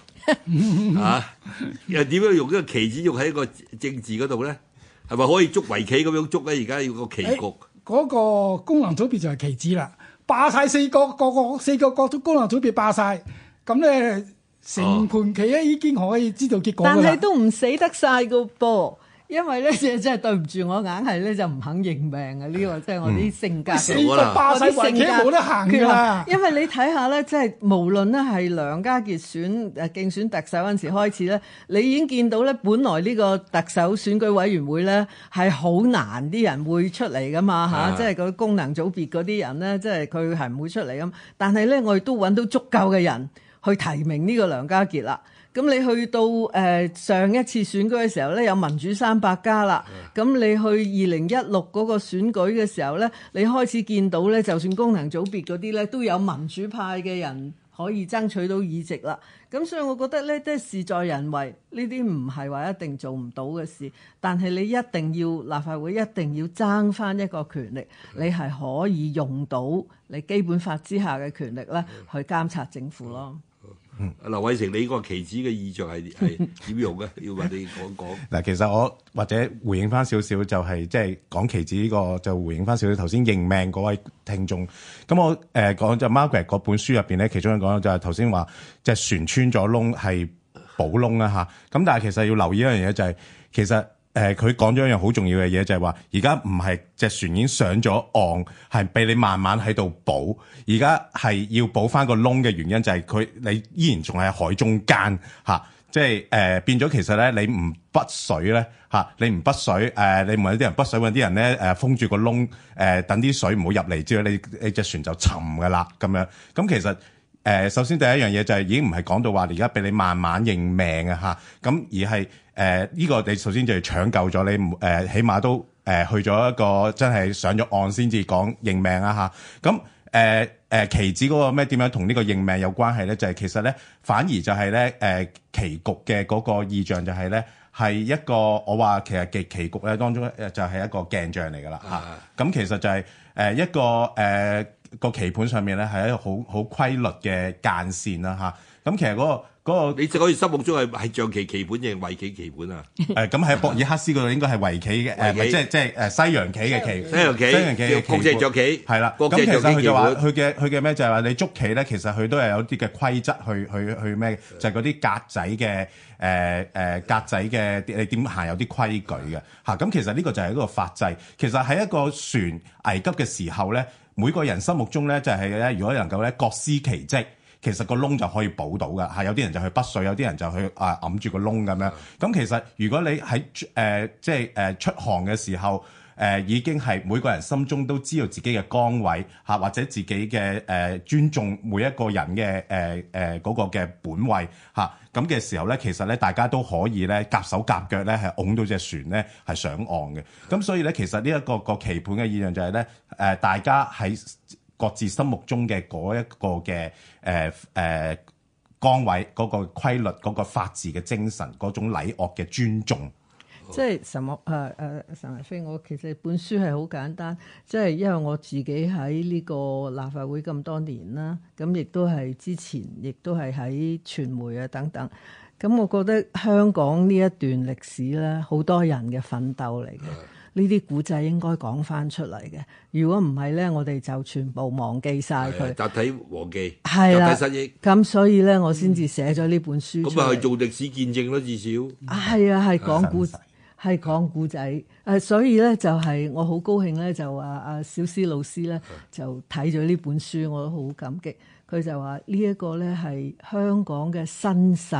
啊，又點樣用呢個棋子用喺個政治嗰度咧？係咪可以捉圍棋咁樣捉咧？而家要個棋局嗰、欸那個功能組別就係棋子啦，霸晒四個，各個四個各都功能組別霸晒。咁咧成盤棋咧已經可以知道結果、哦、但係都唔死得晒噶噃。因為咧，即係真係對唔住我，硬係咧就唔肯認命啊！呢個即係我啲性格嚟嘅，嗯、我啲性格冇得行噶。因為你睇下咧，即係無論咧係梁家傑選誒競選特首嗰陣時開始咧，你已經見到咧，本來呢個特首選舉委員會咧係好難啲人會出嚟噶嘛吓，的即係啲功能組別嗰啲人咧，即係佢係唔會出嚟咁。但係咧，我亦都揾到足夠嘅人去提名呢個梁家傑啦。咁你去到誒、呃、上一次選舉嘅時候咧，有民主三百家啦。咁你去二零一六嗰個選舉嘅時候咧，你開始見到咧，就算功能組別嗰啲咧，都有民主派嘅人可以爭取到議席啦。咁所以我覺得咧，即係事在人為，呢啲唔係話一定做唔到嘅事。但係你一定要立法會一定要爭翻一個權力，你係可以用到你基本法之下嘅權力咧，去監察政府咯。嗯，劉偉成，你個棋子嘅意象係係點用嘅？ 要唔要你講講？嗱， 其實我或者回應翻少少，就係即係講棋子呢、這個，就回應翻少少頭先認命嗰位聽眾。咁我誒講、呃、就 Margaret 嗰本書入邊咧，其中一講就係頭先話隻船穿咗窿係補窿啦吓。咁但係其實要留意一樣嘢就係、是，其實。誒佢講咗一樣好重要嘅嘢，就係話而家唔係隻船已經上咗岸，係被你慢慢喺度補。而家係要補翻個窿嘅原因，就係、是、佢你依然仲喺海中間嚇、啊，即係誒、呃、變咗、啊呃呃嗯。其實咧，你唔潑水咧嚇，你唔潑水誒，你唔係有啲人潑水，有啲人咧誒封住個窿誒，等啲水唔好入嚟之後，你你隻船就沉㗎啦咁樣。咁其實誒，首先第一樣嘢就係、是、已經唔係講到話而家俾你慢慢認命啊嚇，咁而係。而誒，呢、呃呢個你首先就係搶救咗你。誒、呃，起碼都誒去咗一個真係上咗岸先至講認命啦吓。咁，誒誒棋子嗰個咩點樣同呢個認命有關係咧？就係、是、其實咧反而就係咧誒棋局嘅嗰個意象就係咧係一個我話其實嘅棋局咧當中就係一個鏡像嚟㗎啦嚇。咁、啊嗯嗯、其實就係誒一個誒個、呃、棋盤上面咧係一個好好規律嘅間線啦吓，咁、啊嗯、其實嗰、嗰個嗰、那個你就可以心目中係係象棋棋盤定圍棋棋盤啊？誒咁喺博爾克斯嗰度應該係圍棋嘅，誒即係即係誒西洋棋嘅棋，西洋棋，西洋棋嘅棋盤。係啦，咁其實佢就話佢嘅佢嘅咩就係話你捉棋咧、嗯，其實佢、就是、都係有啲嘅規則去，去去去咩？就係嗰啲格仔嘅誒誒格仔嘅，你點行有啲規矩嘅嚇。咁、啊、其實呢個就係一個法制。其實喺一個船危急嘅時候咧，每個人心目中咧就係、是、咧、就是，如果能夠咧各司其職。其實個窿就可以補到嘅，係、啊、有啲人就去筆水，有啲人就去啊揞住個窿咁樣。咁、啊、其實如果你喺誒、呃、即係誒、呃、出航嘅時候，誒、呃、已經係每個人心中都知道自己嘅崗位嚇、啊，或者自己嘅誒、呃、尊重每一個人嘅誒誒嗰個嘅本位嚇。咁、啊、嘅時候咧，其實咧大家都可以咧夾手夾腳咧係擁到隻船咧係上岸嘅。咁所以咧，其實呢一個個棋盤嘅意象就係咧誒，大家喺，甲各自心目中嘅嗰一個嘅誒誒崗位，嗰個規律，嗰個法治嘅精神，嗰種禮樂嘅尊重，即係岑逸誒誒岑逸飛，我其實本書係好簡單，即係因為我自己喺呢個立法會咁多年啦，咁亦都係之前亦都係喺傳媒啊等等，咁我覺得香港呢一段歷史咧，好多人嘅奮鬥嚟嘅。呢啲古仔應該講翻出嚟嘅，如果唔係咧，我哋就全部忘記晒。佢，集體忘記，的集體失憶。咁所以咧，我先至寫咗呢本書。咁咪去做歷史見證咯，至少。係啊，係講古，係講古仔。誒，所以咧就係、是、我好高興咧，就話阿小思老師咧就睇咗呢本書，我都好感激。佢就話呢一個咧係香港嘅身世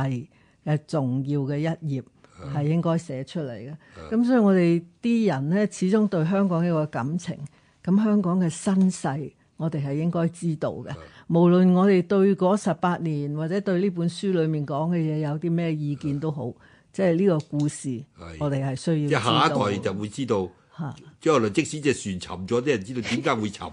嘅重要嘅一頁。係、嗯、應該寫出嚟嘅，咁、嗯、所以我哋啲人呢，始終對香港一個感情，咁香港嘅身世，我哋係應該知道嘅。嗯、無論我哋對嗰十八年，或者對呢本書裡面講嘅嘢有啲咩意見都好，嗯、即係呢個故事，嗯、我哋係需要。即係下一代就會知道，之後來即使隻船沉咗，啲人知道點解會沉。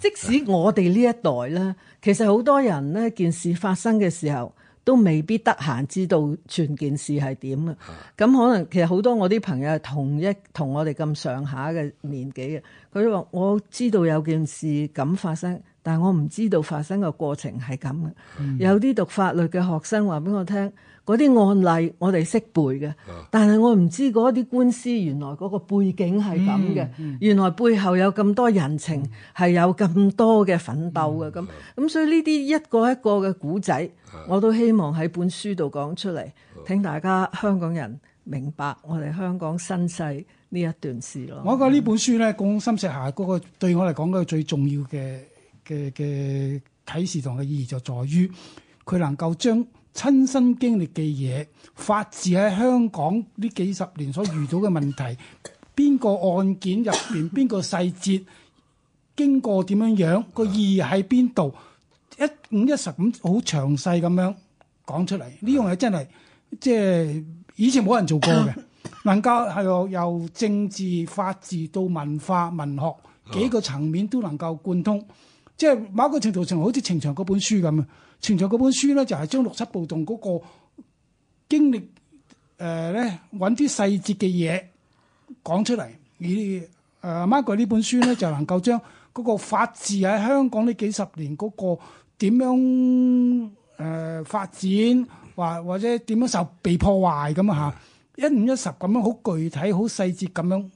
即使我哋呢一代呢，其實好多人呢，件事發生嘅時候。都未必得閒知道全件事係點啊！咁可能其實好多我啲朋友係同一同我哋咁上下嘅年紀嘅，佢話我知道有件事咁發生，但我唔知道發生嘅過程係咁嘅。嗯、有啲讀法律嘅學生話俾我聽。嗰啲案例我哋識背嘅，但係我唔知嗰啲官司原來嗰個背景係咁嘅，嗯嗯、原來背後有咁多人情，係、嗯、有咁多嘅奮鬥嘅咁，咁、嗯嗯、所以呢啲一個一個嘅古仔，嗯、我都希望喺本書度講出嚟，嗯、聽大家香港人明白我哋香港身世呢一段事咯。嗯、我覺得呢本書咧，講深石霞嗰個對我嚟講嗰個最重要嘅嘅嘅啟示同嘅意義就在於佢能夠將。親身經歷嘅嘢，法治喺香港呢幾十年所遇到嘅問題，邊個案件入邊，邊個細節，經過點樣樣，個意義喺邊度，一五一十咁好詳細咁樣講出嚟，呢樣嘢真係即係以前冇人做過嘅，能夠係由政治法治到文化文學幾個層面都能夠貫通，即係某一個程度上，好似程翔嗰本書咁啊。存在嗰本書咧，就係將六七暴動嗰個經歷，誒咧揾啲細節嘅嘢講出嚟。而 Margaret 呢本書咧，就能夠將嗰個法治喺香港呢幾十年嗰、嗰個點樣誒、呃、發展，或或者點樣受被破壞咁啊！一五一十咁樣好具體、好細節咁樣誒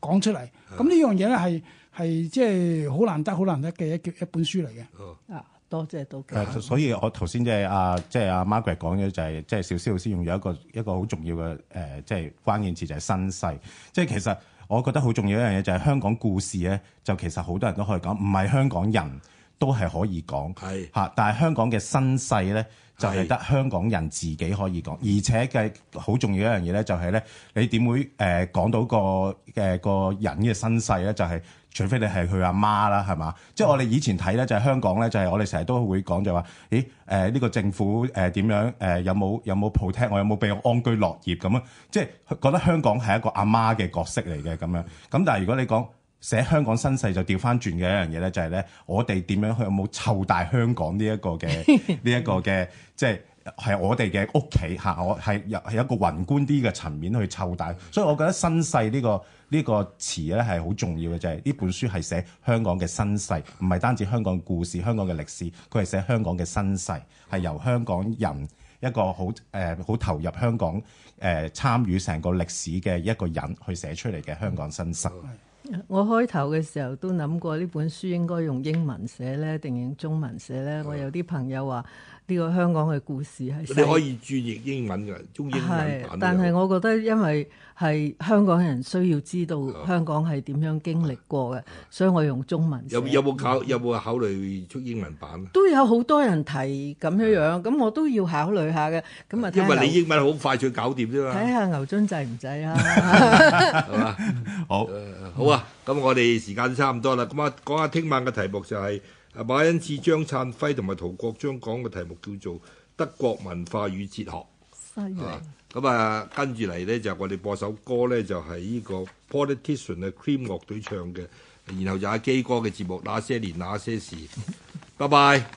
講、呃、出嚟。咁呢的樣嘢咧，係係即係好難得、好難得嘅一一,一本書嚟嘅。啊！多謝都。誒、啊，所以我頭先即係阿即係阿 Margaret 講咗就係、是，即、就、係、是、小詩老師用咗一個一個好重要嘅誒，即、呃、係、就是、關鍵詞就係身世。即、就、係、是、其實我覺得好重要一樣嘢就係香港故事咧，就其實好多人都可以講，唔係香港人都係可以講。係嚇是、啊，但係香港嘅身世咧就係、是、得香港人自己可以講。是而且嘅好重要一樣嘢咧就係、是、咧，你點會誒、呃、講到個誒個人嘅身世咧？就係、是。除非你係佢阿媽啦，係嘛？即係我哋以前睇咧，就係、是、香港咧，就係、是、我哋成日都會講就話，咦？誒、呃、呢、這個政府誒點樣？誒、呃呃、有冇有冇保護？有有我有冇俾我安居樂業咁樣？即係覺得香港係一個阿媽嘅角色嚟嘅咁樣。咁但係如果你講寫香港身世就，就調翻轉嘅一樣嘢咧，就係咧，我哋點樣去有冇湊大香港呢一個嘅呢一個嘅即係。係我哋嘅屋企嚇，我係有係一個宏觀啲嘅層面去湊大，所以我覺得身世呢、呢個呢、呢個詞咧係好重要嘅，就係呢本書係寫香港嘅身世，唔係單止香港故事、香港嘅歷史，佢係寫香港嘅身世，係由香港人一個好誒好投入香港誒、呃、參與成個歷史嘅一個人去寫出嚟嘅香港身世。我開頭嘅時候都諗過呢本書應該用英文寫呢，定用中文寫呢？我有啲朋友話。呢個香港嘅故事係，你可以注譯英文嘅中英文版。係，但係我覺得因為係香港人需要知道香港係點樣經歷過嘅，哦、所以我用中文有。有有冇考有冇考慮出英文版？都有好多人提咁樣樣，咁、嗯、我都要考慮下嘅。咁啊，因為你英文好快脆搞掂啫嘛。睇下牛津制唔制啊？好，嗯嗯、好啊。咁我哋時間差唔多啦。咁啊，講下聽晚嘅題目就係、是。阿馬恩志、張燦輝同埋陶國章講嘅題目叫做《德國文化與哲學》人，咁啊，啊，跟住嚟咧就我哋播首歌咧，就係、是、呢個 Politician 嘅、啊、Cream 樂隊唱嘅，然後就阿基哥嘅節目《那些年那些事》， 拜拜。